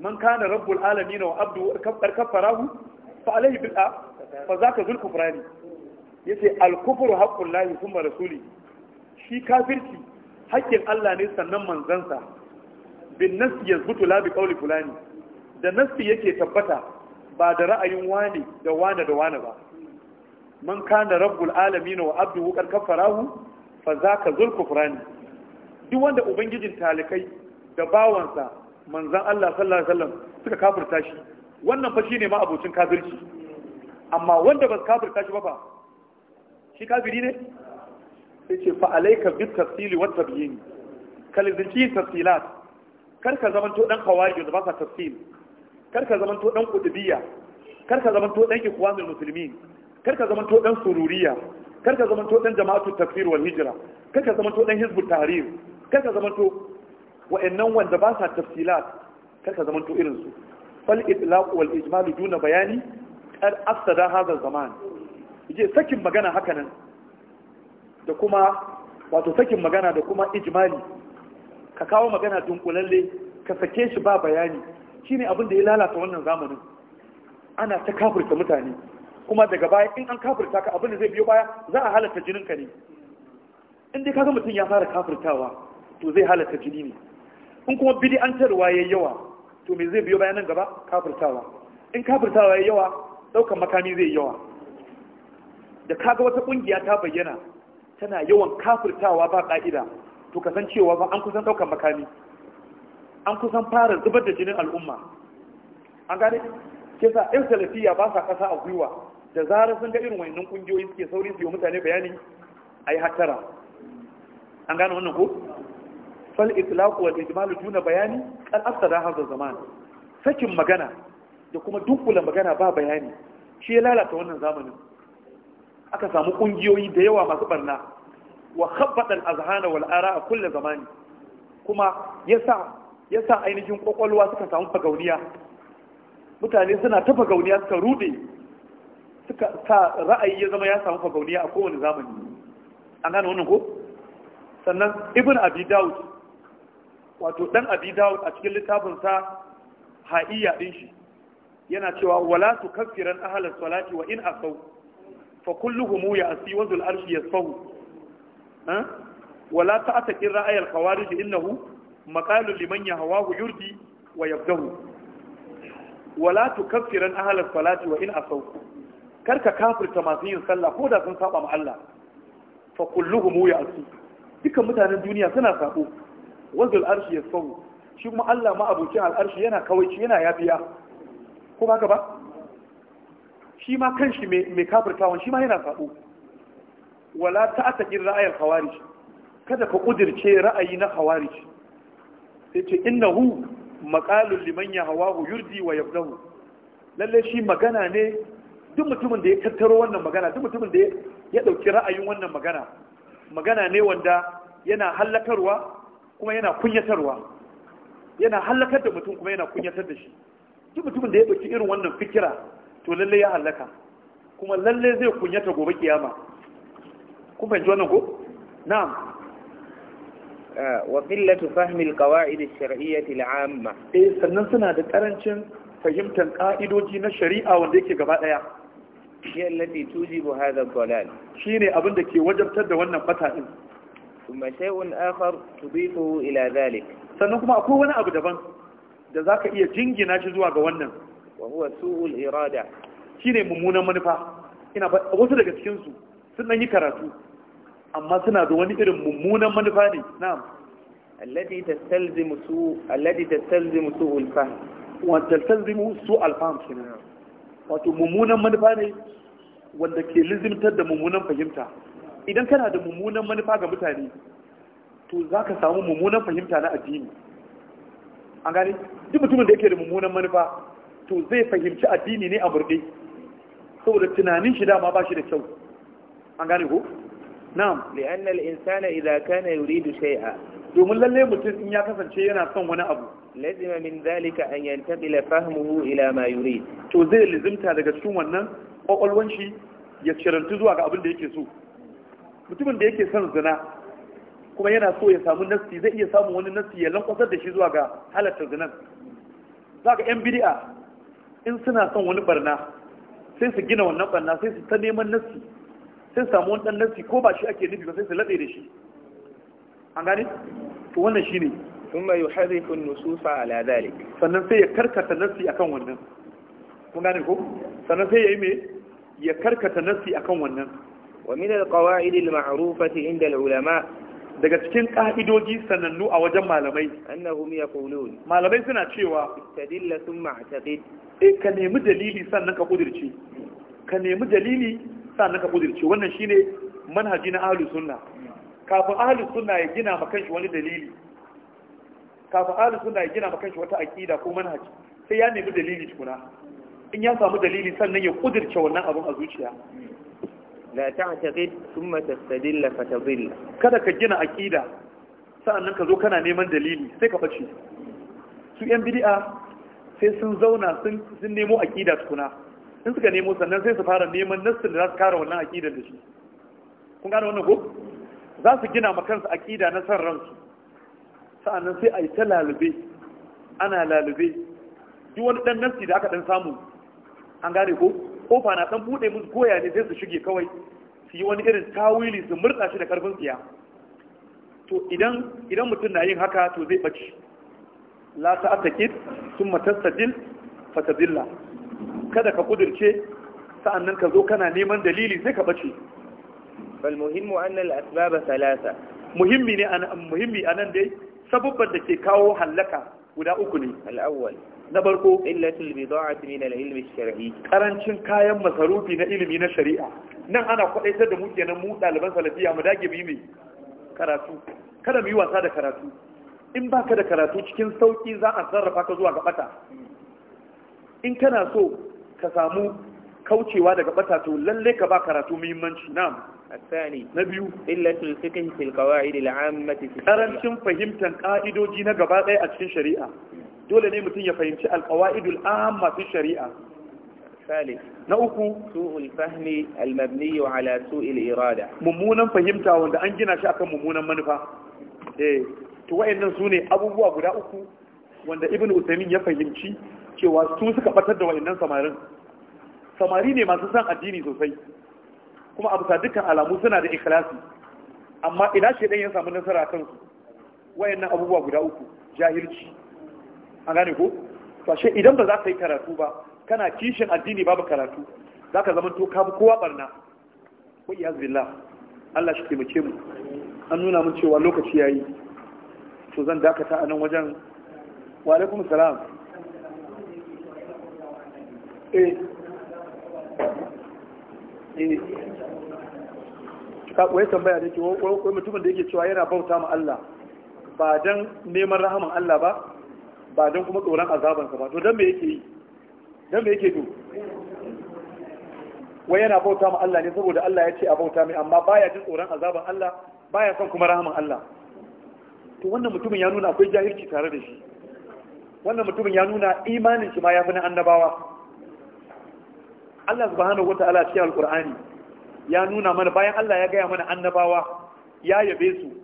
man kana rabbul alamin wa abdu kafar kafarahu fa alayhi bil a fa zaka zul kufrani yace al kufru haqqul lahi summa rasuli shi kafirci haƙƙin Allah ne sannan manzansa bin nasi yazbutu la bi qawli fulani da nasi yake tabbata ba da ra'ayin wani da wani da wani ba man kana rabbul alamin wa abdu kafarahu fa za ka zul kufrani duk wanda ubangijin talikai da bawansa manzan Allah sallallahu alaihi wasallam suka kafirta shi wannan fa shine ma abocin kafirci amma wanda ba kafirta shi ba fa shi kafiri ne sai ce fa alayka bit tafsili wa tabyin kalizinci tafsilat kar ka to dan kawaji da ba ka tafsil kar ka to dan kudubiya kar ka to dan ikwanul muslimin kar ka to dan sururiya kar ka to dan jama'atu tafsir wal hijra kar ka to dan hizbut tahrir kaka zamanto wa'annan wanda ba sa tafsilat kaka to irin su fal itlaq wal ijmal duna bayani kar afsada hadha zaman Je sakin magana haka da kuma wato sakin magana da kuma ijmali ka kawo magana dunkulalle ka sake shi ba bayani shine abin da ya lalata wannan zamanin ana ta kafirta mutane kuma daga baya in an kafirta ka abin da zai biyo baya za a halatta ka ne in dai kaga mutum ya fara kafirtawa to zai halatta jini ne in kuma an tarwa yayi yawa to me zai biyo bayan nan gaba kafirtawa in kafirtawa ya yawa daukan makami zai yawa da kaga wata kungiya ta bayyana tana yawan kafirtawa ba ka'ida to kasancewa ba an kusan daukan makami an kusan fara zubar da jinin al'umma an gane ke sa yan salafiya ba sa kasa a gwiwa da zarar sun ga irin wannan kungiyoyi suke saurin su yi mutane bayani a yi hattara an gane wannan ko fal itlaq wal ijmal duna bayani qad afsada hadha zaman sakin magana da kuma dunkula magana ba bayani shi ya lalata wannan zamanin aka samu kungiyoyi da yawa masu barna wa khabbata al-azhana wal ara'a kullu zamani kuma yasa ainihin kokolwa suka samu fagauniya mutane suna ta fagauniya suka rude suka sa ra'ayi ya zama ya samu fagauniya a kowane zamani an gane wannan ko sannan ibn abi dawud wato dan abi dawud a cikin littafinsa sa ha'iyya din shi yana cewa wala tukaffiran ahla salati wa in asaw fa kulluhum ya'si wa zul arshi yasfahu ha wala ta'taqir ra'ay al khawarij innahu maqalu liman yahwahu yurdi wa yabdahu wala tukaffiran ahla salati wa in asaw karka kafirta masu yin sallah ko da sun saba ma Allah fa kulluhum ya'si duka mutanen duniya suna sabo wazul arshi ya sau shi kuma Allah ma abokin al'arshi yana kawaici yana yafiya ko ba ka ba shi ma kan shi mai kafirtawan shi ma yana sabo wala ta atakin ra'ayar khawarij kada ka ƙudirce ra'ayi na khawarij sai ce hu maqalul liman ya yahwahu yurdi wa yabdahu lalle shi magana ne duk mutumin da ya tattaro wannan magana duk mutumin da ya ɗauki ra'ayin wannan magana magana ne wanda yana hallakarwa kuma yana kunyatarwa yana halakar da mutum kuma yana kunyatar da shi duk mutumin da ya ɗauki irin wannan fikira to lalle ya halaka kuma lalle zai kunyata gobe kiyama kun fahimci wannan ko na'am eh, wa qillatu fahmi alqawaid ash-shar'iyyah eh sannan suna da karancin fahimtar ka'idoji na shari'a wanda yake gaba daya shi allati tujibu hadha ad-dalal shine abin da ke wajabtar da wannan fata din ثم شيء آخر تضيفه إلى ذلك سنكما أكو وانا أبدا بان ذاك إيا جنجي ناجزوا قوانا وهو سوء الإرادة شيني ممونا منفع ina ba wasu daga cikinsu sun nan yi karatu amma suna da wani irin mummunan manufa ne na'am allati tastalzimu salzi allati tastalzimu su wato mummunan manufa ne wanda ke lizimtar da mummunan fahimta idan kana da mummunan manufa ga mutane to za ka samu mummunan fahimta na addini an gane duk mutumin da yake da mummunan manufa to zai fahimci addini ne a murde saboda tunanin shi dama ba shi da kyau an gane ko na'am li'anna al-insana idza kana yuridu shay'a domin lalle mutum in ya kasance yana son wani abu lazima min zalika an yantaqila fahmuhu ila ma yurid to zai lizimta daga cikin wannan kwakwalwan shi ya cirantu zuwa ga abin da yake so mutumin da yake son zina kuma yana so ya samu nasti zai iya samun wani nasti ya lankwasar da shi zuwa ga halatta zinan za ka yan bidi'a in suna son wani barna sai su gina wannan barna sai su ta neman nasti sai su samu wani dan nasti ko ba shi ake nufi ba sai su laɗe da shi an gane to wannan shine ثم يحرف النصوص على ذلك sannan sai ya karkata nasti akan wannan kun gane ko sannan sai ya yi me ya karkata nasti akan wannan wa min alqawaid alma'rufati inda alulama daga cikin ka'idoji sanannu a wajen malamai annahum yaqulun malamai suna cewa tadilla thumma i'taqid eh ka nemi dalili sannan ka kudirce ka nemi dalili sannan ka kudirce wannan shine manhaji na ahlus sunna kafin ahlus sunna ya gina maka shi wani dalili kafin ahlus sunna ya gina maka shi wata aqida ko manhaji sai ya nemi dalili tukuna in ya samu dalili sannan ya kudirce wannan abun a zuciya la ta'taqid thumma tastadilla fatadilla kada ka gina aqida sa'annan ka zo kana neman dalili sai ka bace su yan bid'a sai sun zauna sun sun nemo aqida tukuna in suka nemo sannan sai su fara neman nassin da za su kare wannan aqidar da shi kun gane wannan ko za su gina ma kansu aqida na san ransu sa'annan sai a yi ta lalube ana lalube duk wani dan nassi da aka dan samu an gane ko kofa na san bude musu koya ne zai su shige kawai su yi wani irin tawili su murtsa shi da karfin siya. to idan idan mutum na yin haka to zai baci la ta'atakid thumma tastadil fatadilla kada ka kudirce sa'annan ka zo kana neman dalili sai ka bace bal muhimmu anna al asbab thalatha muhimmi ne an muhimmi anan dai sababban da ke kawo halaka guda uku ne al awwal na farko illatul bid'ati min al-ilmi shar'i karancin kayan masarufi na ilimi na shari'a nan ana kwadaitar da muke nan mu daliban salafiya mu dage mu mai karatu kada mu yi wasa da karatu in baka da karatu cikin sauki za a sarrafa ka zuwa ga bata in kana so ka samu kaucewa daga bata to lalle ka ba karatu muhimmanci na'am الثاني نبيو إلا الفقه في القواعد العامة في الشريعة أرنشن فهمت قائدو جينا قبائي أتشن شريعة dole ne mutum ya fahimci alƙawa'idul amma fi shari'a sale na uku suhul fahmi almabni wa ala su'il irada mummunan fahimta wanda an gina shi akan mummunan manufa eh to wayannan sune abubuwa guda uku wanda ibn Usamin ya fahimci cewa su suka fatar da wayannan samarin samari ne masu san addini sosai kuma abu ta dukkan alamu suna da ikilasi. amma ina shi dan ya samu nasara kansu wayannan abubuwa guda uku jahilci a gane ko fashe idan ba za ka yi karatu ba kana kishin addini babu karatu za ka zama to kabu kowa barna wa iyaz zilla Allah shi taimake mu an nuna mun cewa lokaci yayi to zan dakata a nan wajen wa alaikum salam eh eh wai tambaya da ke wai mutumin da yake cewa yana bauta ma Allah ba dan neman rahaman Allah ba ba don kuma tsoron azabansa ba to don me yake yi don me yake to wai yana bauta ma Allah ne saboda Allah ya ce a bauta mai amma baya jin tsoron azaban Allah baya son kuma rahaman Allah to wannan mutumin ya nuna akwai jahilci tare da shi wannan mutumin ya nuna imanin shi ma ya fi na annabawa Allah subhanahu wata'ala cikin alqur'ani ya nuna mana bayan Allah ya gaya mana annabawa ya yabe su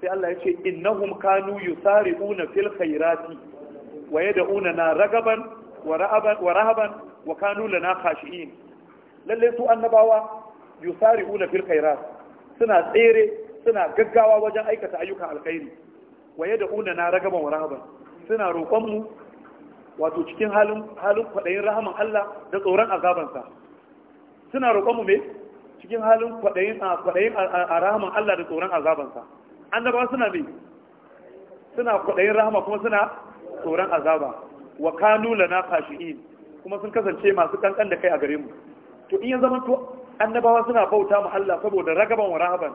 sai Allah ya ce innahum kanu yusari'una fil khairati wa yad'unana ragaban wa ra'aban wa rahaban wa kanu lana khashi'in lalle su annabawa yusari'una fil khairat suna tsere suna gaggawa wajen aikata ayyukan alkhairi una na ragaban wa rahaban suna roƙon mu wato cikin halin halin kwadayin rahaman Allah da tsoron azabansa suna roƙon mu me cikin halin kwadayin kwadayin rahaman Allah da tsoron azabansa annabawa suna me suna kwadayin rahama kuma suna tsoron azaba wa kanu lana khashi'in kuma sun kasance masu kankan da kai a gare mu to in ya zama to annabawa suna bauta mu Allah saboda ragaban wa rahaban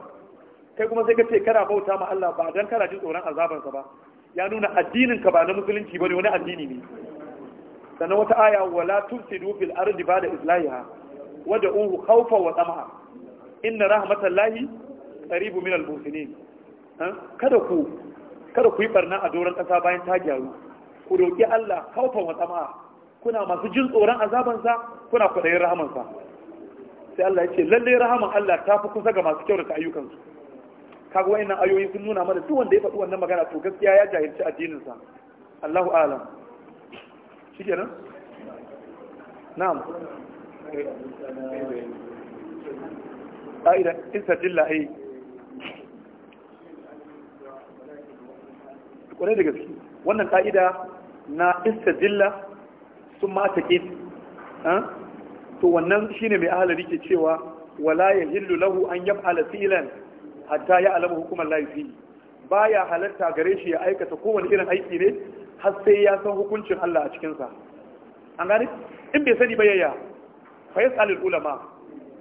kai kuma sai ka ce kana bauta mu Allah ba dan kana jin tsoron azabansa ba ya nuna addinin ka ba na musulunci bane wani addini ne sannan wata aya wala tufsidu fil ardi da islahiha uhu khawfa wa tama'a inna rahmatallahi qaribu min al kada ku kada ku yi barna a doron kasa bayan ta gyaru ku roƙi Allah kaufan wa tsama'a kuna masu jin tsoron azabansa kuna kwaɗayin rahamansa sai Allah ya ce lallai rahaman Allah ta fi kusa ga masu kyautata ayyukansu kaga wayannan ayoyi sun nuna mana duk wanda ya faɗi wannan magana to gaskiya ya jahilci addininsa Allahu a'lam shikenan na'am ƙa'ida istadilla ai eh. ƙwarai da gaske wannan ƙa'ida na istadilla sun mata to wannan shine mai ahalari ke cewa wala ya lahu an yaf'ala filan hatta ya alama hukumar laifi baya halatta gare shi ya aikata kowane irin aiki ne har sai ya san hukuncin Allah a cikinsa an gane in bai sani ba yaya fa yas'alul ulama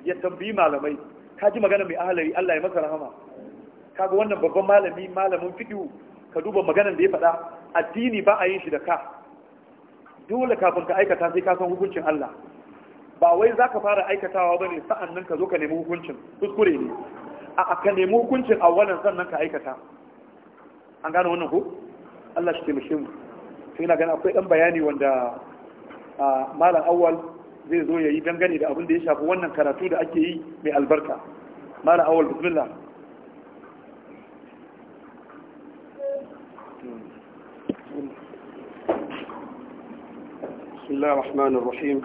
ya tambayi malamai ka ji magana mai ahalari Allah ya masa rahama kaga wannan babban malami malamin fiqh ka duba maganar da ya faɗa addini ba a yin shi da ka dole kafin ka aikata sai ka san hukuncin Allah ba wai za ka fara aikatawa ba ne sa'an nan ka zo ka nemi hukuncin kuskure ne a ka nemi hukuncin a wannan sannan ka aikata an gano wannan ku? Allah shi taimake mu sai na gani akwai ɗan bayani wanda malam Awal zai zo ya yi dangane da abin da ya shafi wannan karatu da ake yi mai albarka malam Awal bismillah بسم الله الرحمن الرحيم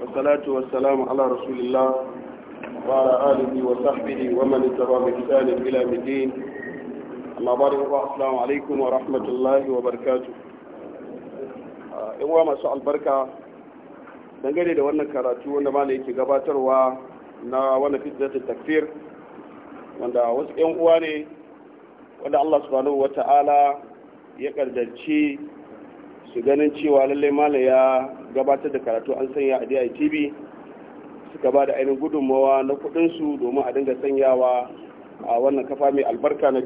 والصلاة والسلام على رسول الله وعلى آله وصحبه ومن اتبع بإحسان إلى مدين أما بعد السلام عليكم ورحمة الله وبركاته إن ما شاء البركة dangane da wannan karatu wanda ma yake gabatarwa na wannan fitnatul takfir wanda wasu 'yan uwa ne wanda Allah subhanahu wata'ala ya kardarci su ganin cewa lallai malam ya gabatar da karatu an sanya a DITB suka ba da ainihin gudunmawa na kudinsu domin a dinga sanyawa a wannan kafa mai albarka na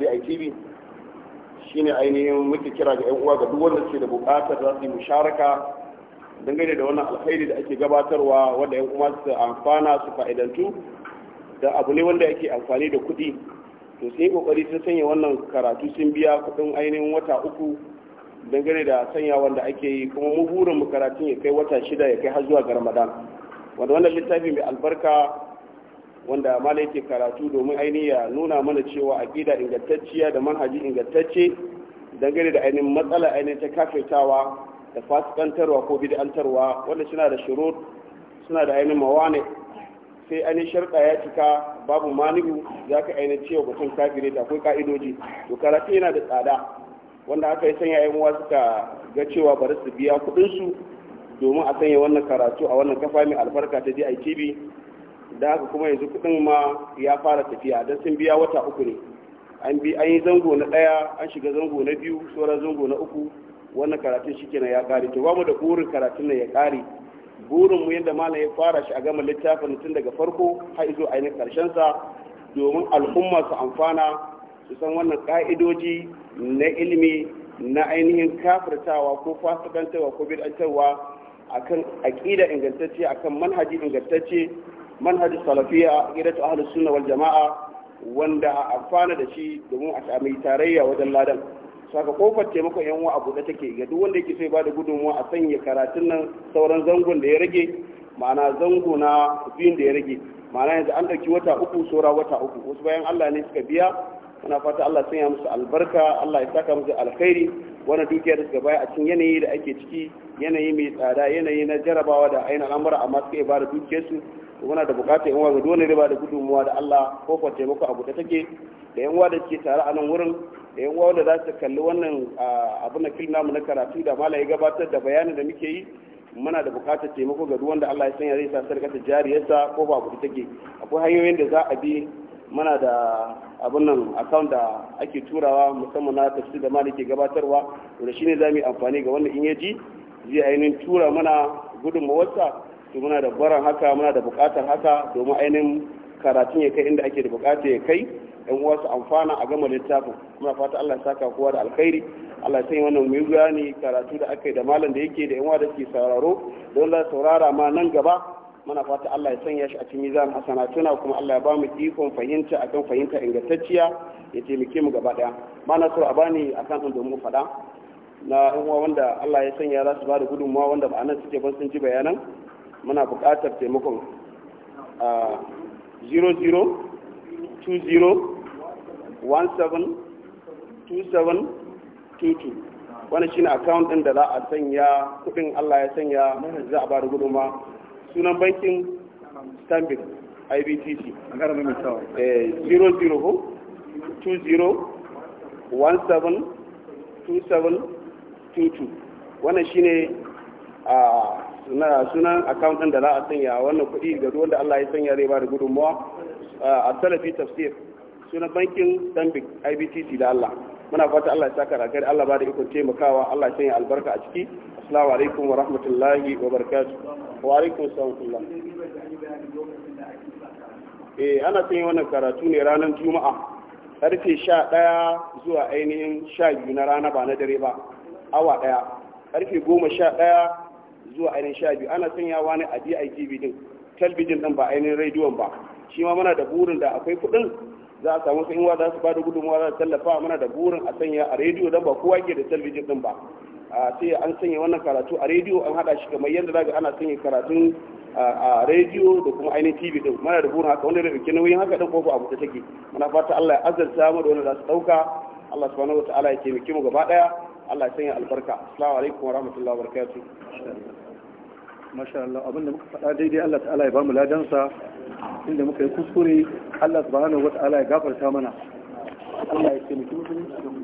Shi ne ainihin muke kira ga 'yan uwa ga duk wanda suke da bukatar za su yi musharaka dangane da wannan alkhairi da ake gabatarwa wanda yan uwa su amfana su fa'idantu da abu ne wanda yake amfani da kuɗi to sun yi kokari sun sanya wannan karatu sun biya kuɗin ainihin wata uku dangane da sanya wanda ake yi kuma mu burin mu karatun ya kai wata shida ya kai har zuwa ga ramadan wanda wannan littafi mai albarka wanda malai ke karatu domin ainihi ya nuna mana cewa aƙida ingantacciya da manhaji ingantacce dangane da ainihin matsala ainihin ta kafetawa da fasikantarwa ko bid'antarwa wanda suna da shurut suna da ainihin mawane sai ainihin sharɗa ya cika babu manihu za ka ainihin cewa mutum kafire ta akwai ka'idoji to karatu yana da tsada wanda aka yi sanya yan uwa suka ga cewa bari su biya kuɗinsu domin a sanya wannan karatu a wannan kafa mai albarka ta DITV da haka kuma yanzu kuɗin ma ya fara tafiya don sun biya wata uku ne an bi an yi zango na daya an shiga zango na biyu sauran zango na uku wannan karatun shi kenan ya ƙare to bamu da burin karatun nan ya kare burin mu yadda malam ya fara shi a gama littafin tun daga farko har izo ainihin karshen sa domin al'umma su amfana su san wannan ka'idoji na ilimi na ainihin kafirtawa ko fasikantarwa ko bid'antarwa akan aqida ingantacce akan manhaji ingantacce manhaji salafiya aqidatu ahlus sunna wal jamaa wanda a amfana da shi domin a sami tarayya wajen ladan saka kofar taimakon yan uwa a buɗe take ga duk wanda yake so ya bada gudunmuwa a sanya karatun nan sauran zangon da ya rage ma'ana zango na biyun da ya rage ma'ana yanzu an ɗauki wata uku saura wata uku wasu bayan Allah ne suka biya muna fata Allah sanya musu albarka Allah ya saka musu alkhairi wannan dukiyar da suka baya a cikin yanayi da ake ciki yanayi mai tsada yanayi na jarabawa da ainihin al'amura amma suka yi ba da dukiyarsu muna da bukatar yan uwa ga dole riba da gudunmuwa da Allah ko kwa taimako abu da take da yan uwa da ke tare a nan wurin da yan uwa da za su kalli wannan abu na film namu na karatu da mala ya gabatar da bayanin da muke yi muna da bukatar taimako ga duk wanda Allah ya sanya zai sa sarkata jariyarsa ko ba buɗe take akwai hanyoyin da za a bi muna da abin nan account da ake turawa musamman na tafsir da mali ke gabatarwa da shine zamu yi amfani ga wannan in yaji zai ainihin tura mana gudunmawarsa to muna da baran haka muna da bukatar haka domin ainihin karatun ya kai inda ake da bukata ya kai yan uwa su amfana a gama littafin muna fata Allah ya saka kowa da alkhairi Allah ya sanya wannan mu gani karatu da aka yi da malam da yake da yan uwa da ke sauraro don za saurara ma nan gaba muna fata Allah ya sanya shi a cikin mizan tuna kuma Allah ya ba mu ikon fahimta akan fahimta ingantacciya ya taimake mu gaba daya mana so a bani akan din domin faɗa na uwa wanda Allah ya sanya za su ba da gudunmawa wanda ba nan suke ban sun ji bayanan muna buƙatar taimakon a 00 20 17 27 shine account ɗin da za a sanya kuɗin Allah ya sanya za a ba da sunan bankin stanbic ibtc eh, a ƙaramin misawa 0020172722 wannan shine a sunan account ɗin da za a sanya wannan kuɗi ga da Allah ya sanya zai ba da gudunmawa a salafi tafsir sunan bankin stanbic ibtc da Allah muna fata Allah ya saka rakar Allah ba da ikon taimakawa Allah ya sanya albarka a ciki السلام عليكم wa الله wa وعليكم wa alaikum الله eh ana son yin wannan karatu ne ranar juma'a karfe sha ɗaya zuwa ainihin sha biyu na rana ba na dare ba awa ɗaya karfe goma sha ɗaya zuwa ainihin sha biyu ana sanyawa ne a DITV din talbijin din ba ainihin rediyon ba shi ma muna da burin da akwai kuɗin za a samu wa za su ba da gudunmawa za su tallafa mana da burin a sanya a rediyo don ba kowa ke da talbijin din ba a sai an sanya wannan karatu a rediyo an hada shi kamar yadda zaga ana sanya karatun a rediyo da kuma ainihin tv din mana da burin haka wanda da bikin nauyin haka din kofa abu ta take muna fata Allah ya azarta mu da wanda za su dauka Allah subhanahu wataala ya taimake mu gaba daya Allah ya sanya albarka assalamu alaikum wa rahmatullahi wa barakatuh masha Allah abinda muka faɗa daidai Allah ta'ala ya bamu ladansa inda muka yi kuskure Allah subhanahu wataala ya gafarta mana Allah ya taimake mu